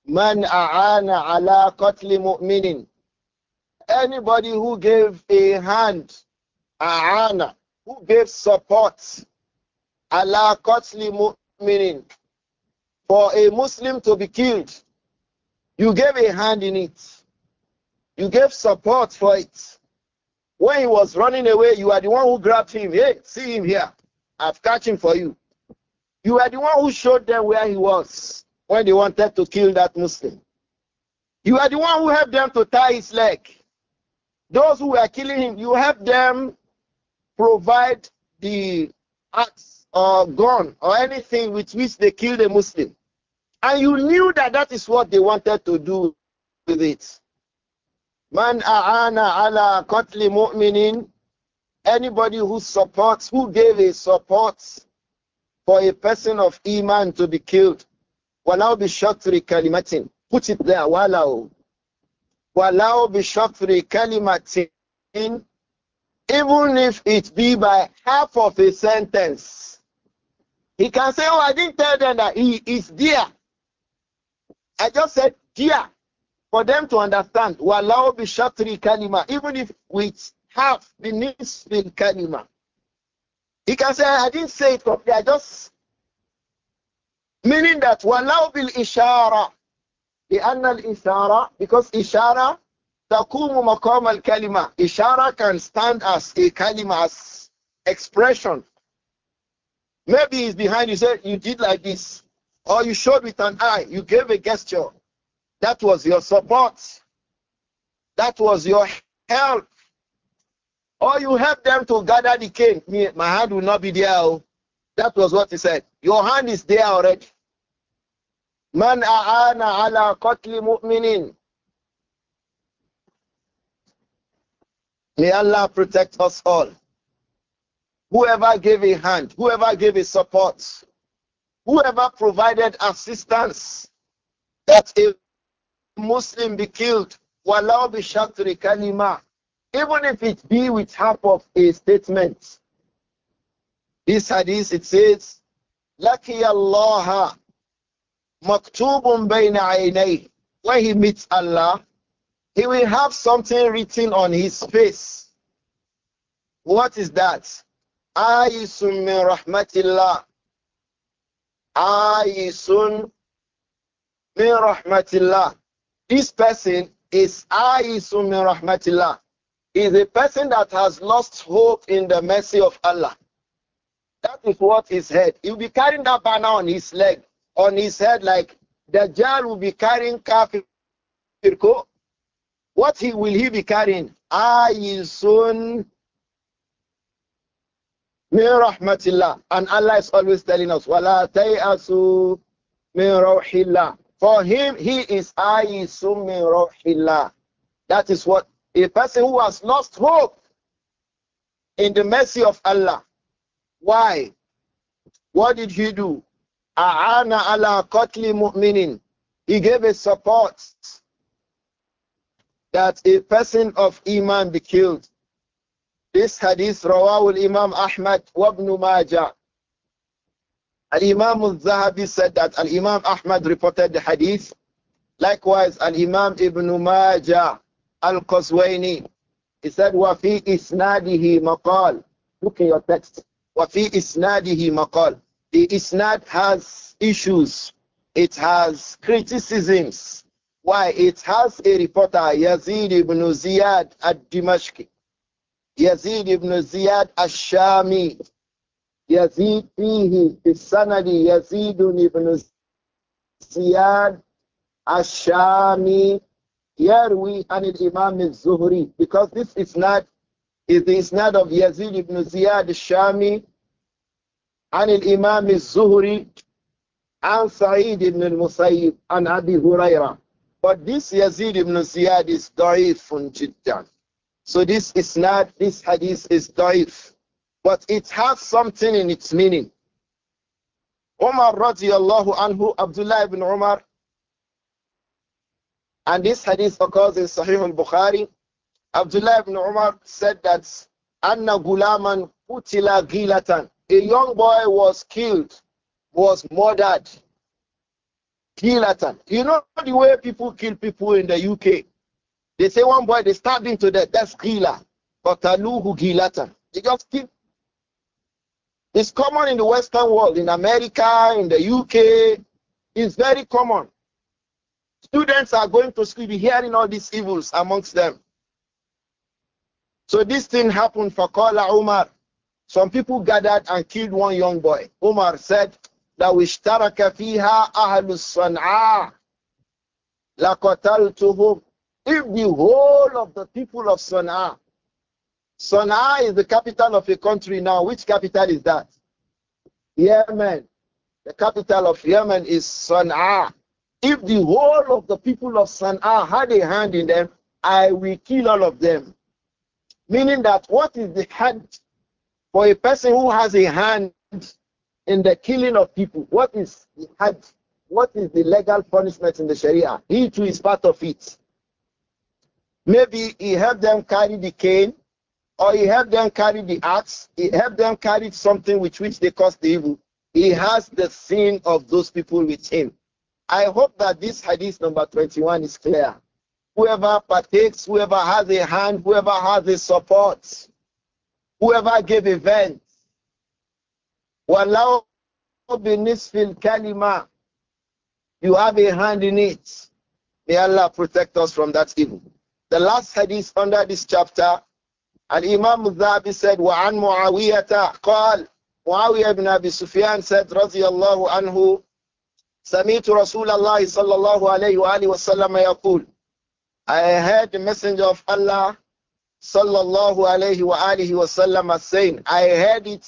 Man a'ana ala qatli mu'minin. Anybody who gave a hand, a'ana, who gave support, ala qatli mu'minin, for a Muslim to be killed, you gave a hand in it. You gave support for it. When he was running away, you are the one who grabbed him. Hey, see him here. I've catch him for you. You are the one who showed them where he was when they wanted to kill that Muslim. You are the one who helped them to tie his leg. Those who were killing him, you helped them provide the axe or gun or anything with which they killed a Muslim. And you knew that that is what they wanted to do with it. Man a'ana ala qatli mu'minin. Anybody who supports, who gave a support for a person of iman to be killed. Walau bi shatri kalimatin. Put it there, walau. Walau bi shatri kalimatin. Even if it be by half of a sentence. He can say, oh, I didn't tell them that he is there. I just said, dear for them to understand walau bi shatri kalima even if we have the nisfil kalima he can say i didn't say it properly i just meaning that walau bil ishara لأن ishara because ishara takumu مقام kalima. Ishara can stand as a kalima as expression maybe it's behind you said you did like this or you showed with an eye you gave a gesture that was your support. That was your help. Or you help them to gather the cane. Me, my hand will not be there. Oh. That was what he said. Your hand is there already. Man aana ala qatli mu'minin. May Allah protect us all. Whoever gave a hand, whoever gave a support, whoever provided assistance, that Muslim be killed, walau bi shatri kalima, even if it be with half of a statement. This hadith it says, Laki Allah maktubun bayna aynay. When he meets Allah, he will have something written on his face. What is that? Ayisun min rahmatillah. Ayisun min rahmatillah. This person is Aisu min rahmatillah. Is a person that has lost hope in the mercy of Allah. That is what his head. He'll be carrying that banner on his leg, on his head, like the jar will be carrying kafir. What he will he be carrying? Aisun min rahmatillah. And Allah is always telling us, "Wala tayasu min rauhillah." For him, he is ayin That is what a person who has lost hope in the mercy of Allah. Why? What did he do? A'ana ala qatli mu'minin. He gave a support that a person of Iman be killed. This hadith rawahul Imam Ahmad wa ibn Majah. Al Imam al Zahabi said that Al Imam Ahmad reported the hadith. Likewise, Al Imam Ibn Majah Al Qaswaini. He said, Wafi isnadihi maqal. Look at your text. Wafi isnadihi maqal. The isnad has issues, it has criticisms. Why? It has a reporter, Yazid ibn Ziyad al-Dimashqi. Yazid ibn Ziyad al Shami. يزيد فيه في السند يزيد بن زياد الشامي يروي عن الإمام الزهري because this is not is the isnad of Yazid ibn Ziyad al-Shami عن الإمام الزهري عن سعيد بن المسيب عن أبي هريرة but this Yazid ibn Ziyad is ضعيف جدا so this is not this hadith is ضعيف But it has something in its meaning. Umar radiallahu anhu, Abdullah ibn Umar, and this hadith occurs in Sahih al-Bukhari. Abdullah ibn Umar said that Anna Gulaman Putila Gilatan, a young boy was killed, was murdered. Gilatan. You know the way people kill people in the UK? They say one boy, they stabbed him to death. That's Gila. But Gilatan. They just keep it's common in the Western world, in America, in the UK. It's very common. Students are going to school, hearing all these evils amongst them. So this thing happened for Kala Umar. Some people gathered and killed one young boy. Umar said, that we لو اشترك ahlus أهل الصنعاء لقتلتهم If the whole of the people of Sunnah. Sana'a is the capital of a country now. Which capital is that? Yemen. The capital of Yemen is Sana'a. If the whole of the people of Sana'a had a hand in them, I will kill all of them. Meaning that what is the hand for a person who has a hand in the killing of people? What is the hand? What is the legal punishment in the Sharia? He too is part of it. Maybe he helped them carry the cane or he helped them carry the axe, he helped them carry something with which they caused the evil. He has the sin of those people with him. I hope that this hadith number 21 is clear. Whoever partakes, whoever has a hand, whoever has a support, whoever gave a vent, Wallahu binisfil kalima, you have a hand in it. May Allah protect us from that evil. The last hadith under this chapter and Imam al-Dhabi said, وَعَنْ مُعَاوِيَةَ قَالْ Muawiyah ibn Abi Sufyan said, رضي الله عنه, سمعت رسول الله صلى الله عليه وآله وسلم يقول, I heard the messenger of Allah sallallahu alayhi wa alihi wasallam saying, I heard it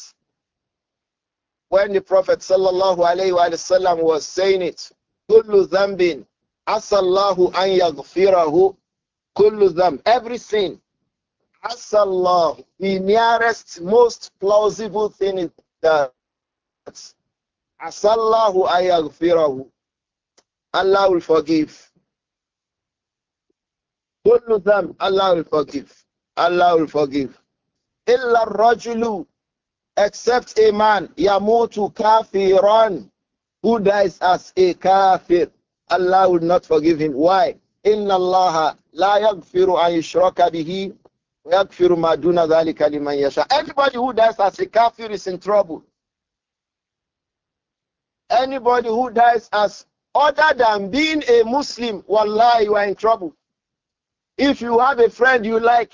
when the Prophet sallallahu alayhi wa sallam was saying it, كل ذنب عسى الله أن يغفره كل ذنب, every sin Asallah, the nearest, most plausible thing is that Asallahu ayaghfirahu. Allah will forgive. All of them, Allah will forgive. Allah will forgive. Illa rajulu, except a man, yamutu kafiran, who dies as a kafir. Allah will not forgive him. Why? Inna Allah la yaghfiru an yushraka bihi Everybody who dies as a kafir is in trouble. Anybody who dies as other than being a Muslim, Wallah, you are in trouble. If you have a friend you like,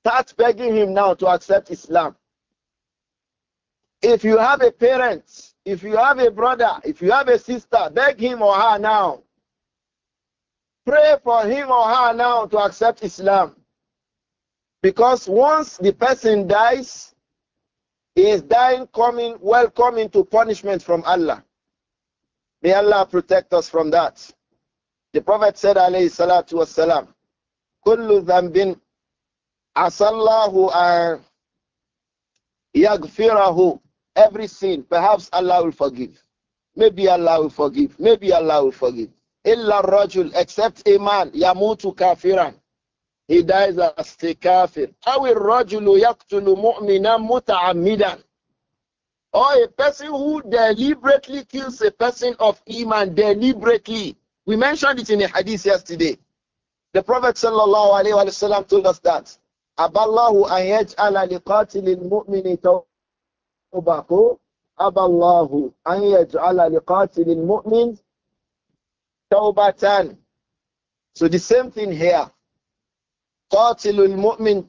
start begging him now to accept Islam. If you have a parent, if you have a brother, if you have a sister, beg him or her now. Pray for him or her now to accept Islam. Because once the person dies, he is dying coming, welcoming to punishment from Allah. May Allah protect us from that. The Prophet said, alayhi salatu wasalam, كل ذنب who are أن يغفره every sin perhaps Allah will forgive maybe Allah will forgive maybe Allah will forgive إلا الرجل except a man يموت كافرا he dies as a kafir. أو الرجل يقتل مؤمنا متعمدا Or a person who deliberately kills a person of iman deliberately. We mentioned it in a hadith yesterday. The Prophet sallallahu alaihi wasallam told us that Aballahu an yaj'ala liqatilil mu'mini tawbahu Aballahu an yaj'ala liqatilil mu'min tawbatan. So the same thing here. Qatilul mu'min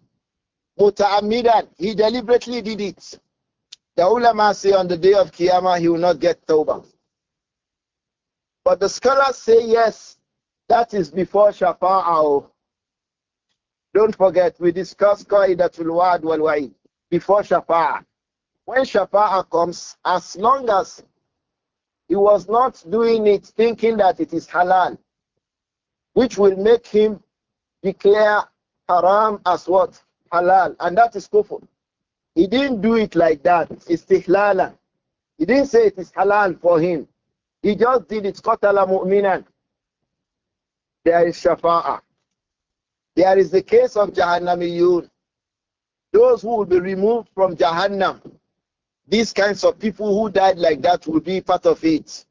muta'ammidan. He deliberately did it. The ulama say on the day of Qiyamah he will not get tawbah. But the scholars say yes, that is before Shafa'ah. Don't forget, we discussed Qaidatul Wad wal Wa'id before Shafa'ah. When Shafa'ah comes, as long as he was not doing it thinking that it is halal, which will make him declare haram as what? Halal. And that is kufr. He didn't do it like that. It's He didn't say it is halal for him. He just did it. Qatala mu'minan. There is shafa'ah. There is the case of Jahannamiyun. Those who will be removed from Jahannam. These kinds of people who died like that will be part of it.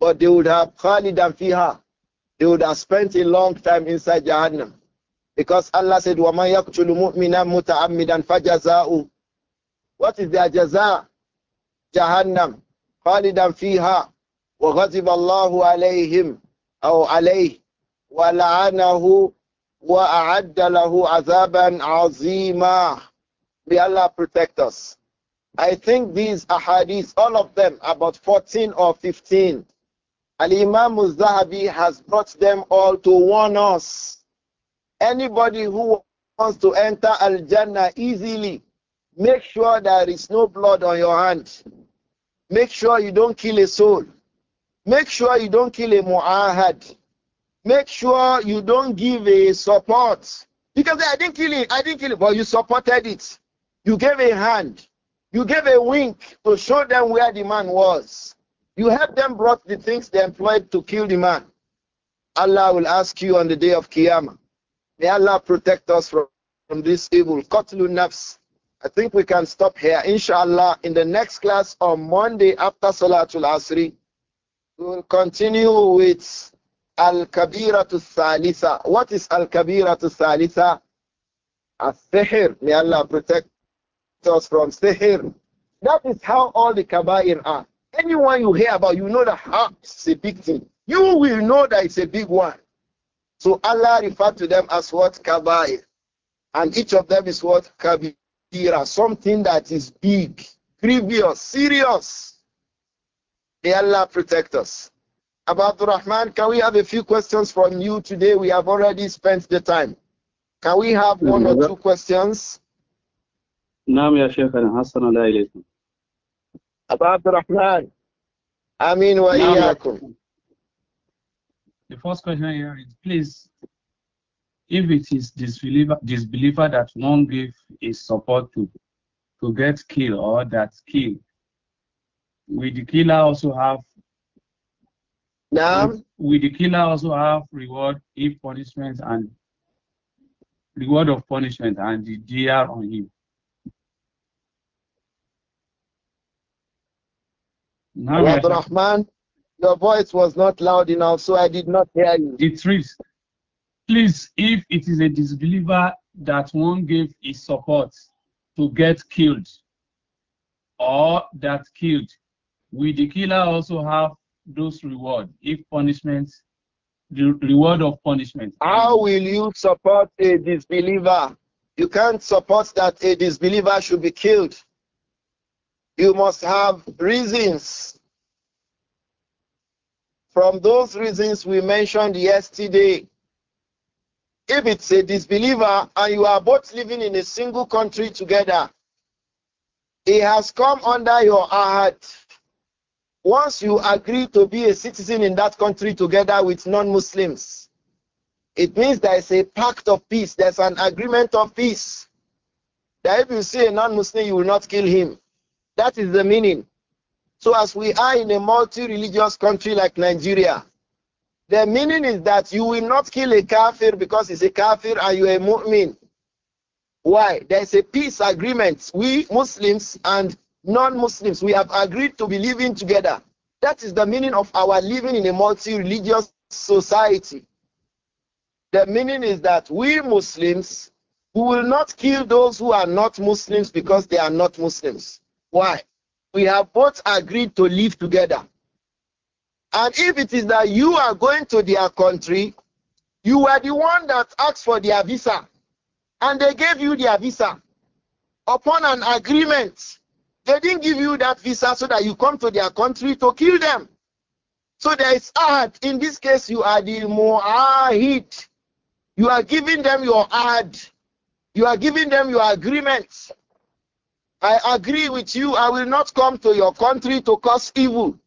But they would have Khalid and Fiha. They would have spent a long time inside Jahannam. Because Allah said, وَمَنْ يَقْتُلُ مُؤْمِنًا مُتَعَمِّدًا فَجَزَاءُ What is their jaza? Jahannam. خَالِدًا فِيهَا وَغَضِبَ اللَّهُ عَلَيْهِمْ أَوْ عَلَيْهِ وَلَعَنَهُ وَأَعَدَّ لَهُ عَذَابًا عَظِيمًا May Allah protect us. I think these ahadith, all of them, about 14 or 15, Al-Imam al-Zahabi has brought them all to warn us Anybody who wants to enter Al Jannah easily, make sure there is no blood on your hands. Make sure you don't kill a soul. Make sure you don't kill a mu'ahad. Make sure you don't give a support. Because I didn't kill it, I didn't kill it, but you supported it. You gave a hand. You gave a wink to show them where the man was. You helped them brought the things they employed to kill the man. Allah will ask you on the day of Qiyamah. May Allah protect us from, from this evil. Qatlu nafs. I think we can stop here. Inshallah, in the next class on Monday after Salatul Asri, we will continue with Al Kabira to Salisa. What is Al Kabira to Salisa? as May Allah protect us from Sihr. That is how all the Kabair are. Anyone you hear about, you know that ah, it's a big thing. You will know that it's a big one. So Allah referred to them as what? Kabair. And each of them is what? Kabira. Something that is big, grievous, serious. May Allah protect us. About Rahman, can we have a few questions from you today? We have already spent the time. Can we have one or two questions? نعم يا شيخنا حسن الله إليكم أبا عبد Amin wa وإياكم the first question here is please, if it is disbeliever, disbeliever that one give his support to, to get killed or that killed, will the killer also have now will the killer also have reward if punishment and reward of punishment and the DR on him? Now, Rahman. Your voice was not loud enough, so I did not hear you. The truth. Please, if it is a disbeliever that one give his support to get killed or that killed, will the killer also have those reward if punishment, the reward of punishment? How will you support a disbeliever? You can't support that a disbeliever should be killed. You must have reasons from those reasons we mentioned yesterday. If it's a disbeliever and you are both living in a single country together, it has come under your heart. Once you agree to be a citizen in that country together with non Muslims, it means there is a pact of peace, there's an agreement of peace. That if you see a non Muslim, you will not kill him. That is the meaning. So as we are in a multi-religious country like Nigeria, the meaning is that you will not kill a kafir because he's a kafir and you're a mu'min. Why? There's a peace agreement. We Muslims and non-Muslims, we have agreed to be living together. That is the meaning of our living in a multi-religious society. The meaning is that we Muslims, we will not kill those who are not Muslims because they are not Muslims. Why? we have both agreed to live together. And if it is that you are going to their country, you were the one that asked for their visa, and they gave you their visa upon an agreement. They didn't give you that visa so that you come to their country to kill them. So there is art In this case, you are the mu'ahid. You are giving them your ad. You are giving them your agreements. I agree with you. I will not come to your country to cause evil.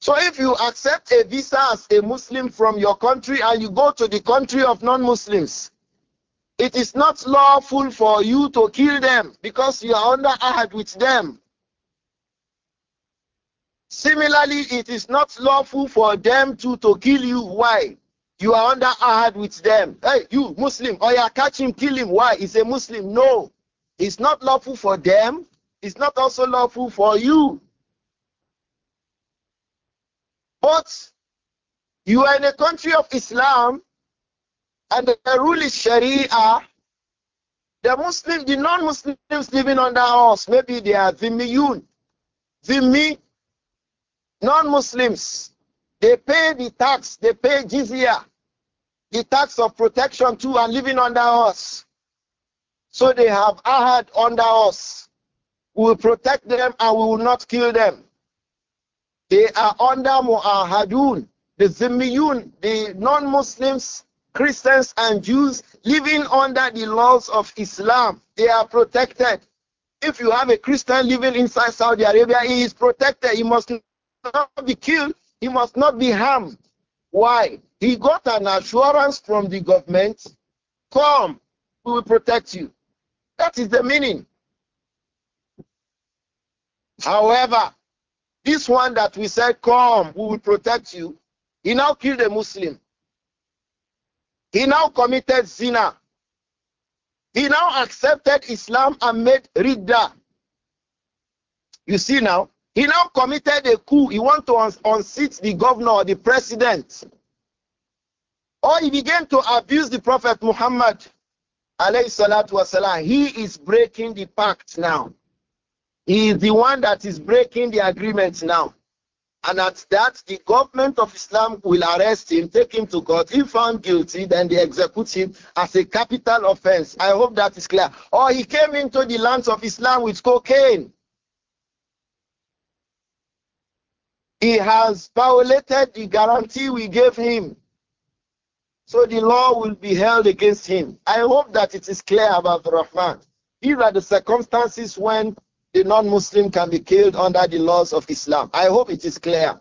So if you accept a visa as a Muslim from your country and you go to the country of non-Muslims, it is not lawful for you to kill them because you are under ahad with them. Similarly, it is not lawful for them to, to kill you. Why? You are under ahad with them. Hey, you Muslim, oh yeah, catch him, kill him. Why? He's a Muslim. No. It's not lawful for them, it's not also lawful for you. But you are in a country of Islam and the rule is Sharia. The Muslims, the non Muslims living under us, maybe they are the Zimmi, non Muslims. They pay the tax, they pay jizya, the tax of protection too, and living under us. So they have Ahad under us. We will protect them and we will not kill them. They are under Mu'ahadun, the Zimmiyun, the non Muslims, Christians, and Jews living under the laws of Islam. They are protected. If you have a Christian living inside Saudi Arabia, he is protected. He must not be killed, he must not be harmed. Why? He got an assurance from the government come, we will protect you. That is the meaning. However, this one that we said, Come, we will protect you, he now killed a Muslim. He now committed zina. He now accepted Islam and made ridda. You see now, he now committed a coup. He wanted to unseat the governor or the president. Or he began to abuse the Prophet Muhammad alayhi salatu wasalam, he is breaking the pact now. He is the one that is breaking the agreement now. And at that, the government of Islam will arrest him, take him to court. If found guilty, then they execute him as a capital offense. I hope that is clear. Or he came into the lands of Islam with cocaine. He has violated the guarantee we gave him. So the law will be held against him. I hope that it is clear about Rahman. These are the circumstances when the non Muslim can be killed under the laws of Islam. I hope it is clear.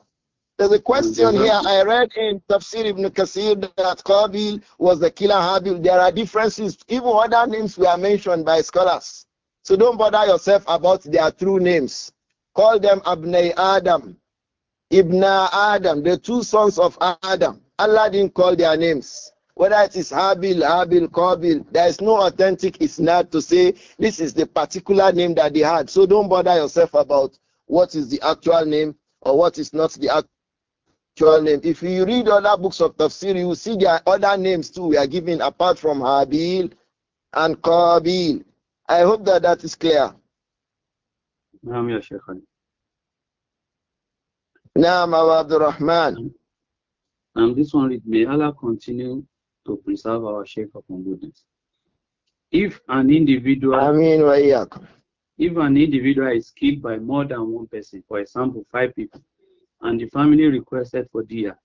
There's a question mm-hmm. here. I read in Tafsir ibn Kasir that Qabil was the killer Habil. There are differences. Even other names were mentioned by scholars. So don't bother yourself about their true names. Call them Abnei Adam, Ibn Adam, the two sons of Adam. Allah didn't call their names. Whether it is Habil, Habil, Qabil, there is no authentic isnad to say this is the particular name that they had. So don't bother yourself about what is the actual name or what is not the actual name. If you read other books of tafsir, you will see there are other names too we are given apart from Habil and Qabil. I hope that that is clear. Naam, ya Naam, Abdul Rahman. And this one reads, May Allah continue to preserve our shape of goodness. If an individual I if an individual is killed by more than one person, for example, five people, and the family requested for dia,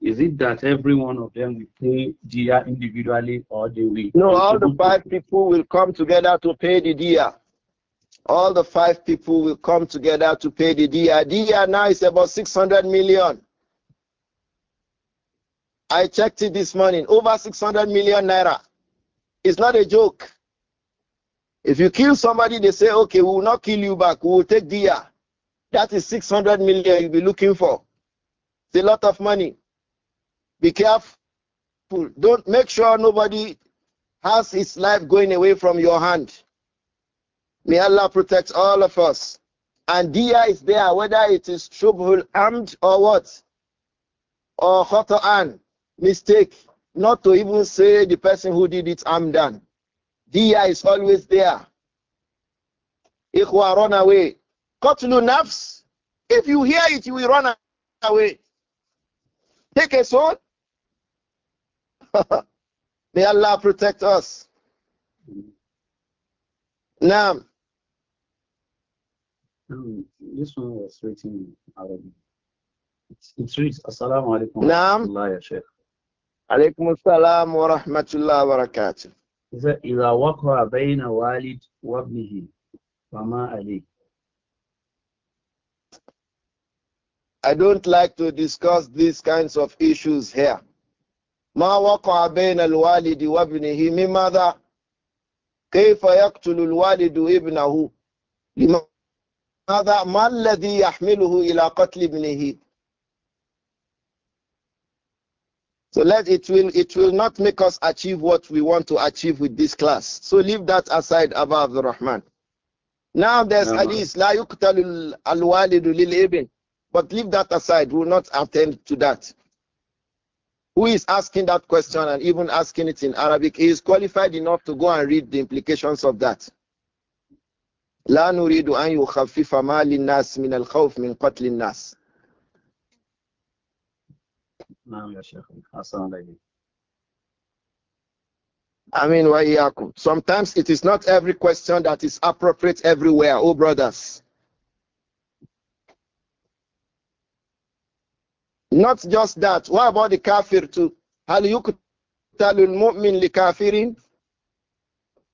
is it that every one of them will pay dia individually or they will? No, all the five people will come together to pay the dia all the five people will come together to pay the dia. now is about 600 million. I checked it this morning. Over 600 million naira. It's not a joke. If you kill somebody, they say, okay, we will not kill you back. We will take dia. That is 600 million you'll be looking for. It's a lot of money. Be careful. Don't make sure nobody has his life going away from your hand. May Allah protect all of us. And dia is there, whether it is shubhul amd or what? Or khata'an, mistake. Not to even say the person who did it amdan. Dia is always there. Ikhwa, run away. Qatlu nafs. If you hear it, you will run away. Take a sword. May Allah protect us. Now, um, this one was written in Arabic. It reads, Assalamu alaikum. Alaikum assalam wa wa I don't like to discuss these kinds of issues here. ما وقع بين الوالد وابنه من ماذا؟ كيف يقتل الوالد ابنه؟ لماذا هذا ما الذي يحمله إلى قتل ابنه So let it will it will not make us achieve what we want to achieve with this class. So leave that aside about the Rahman. Now there's no. hadith la yuqtalu al-walidu lil ibn. But leave that aside. We will not attend to that. Who is asking that question and even asking it in Arabic he is qualified enough to go and read the implications of that. لا نريد أن يخفف ما من الخوف من قتل الناس نعم يا شيخ حسن عليك وإياكم. Sometimes it is not every question that is appropriate everywhere, oh brothers. Not just that. What about the kafir too? هل يقتل المؤمن لكافرين؟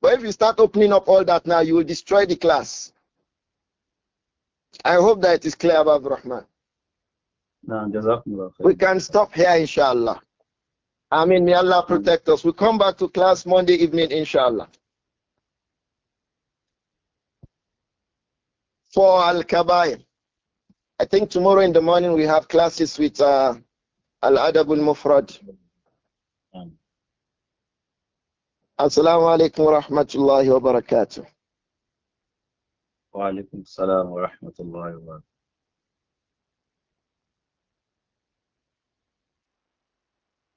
but if you start opening up all that now, you will destroy the class. I hope that it is clear, about Rahman. We can stop here, inshallah. I mean, may Allah protect us. We come back to class Monday evening, inshallah. For Al Kabair, I think tomorrow in the morning we have classes with uh, Al Adab al Mufrad. Assalamu alaikum wa rahmatullahi wa barakatuh. Wa alaikum salam wa rahmatullahi wa barakatuh.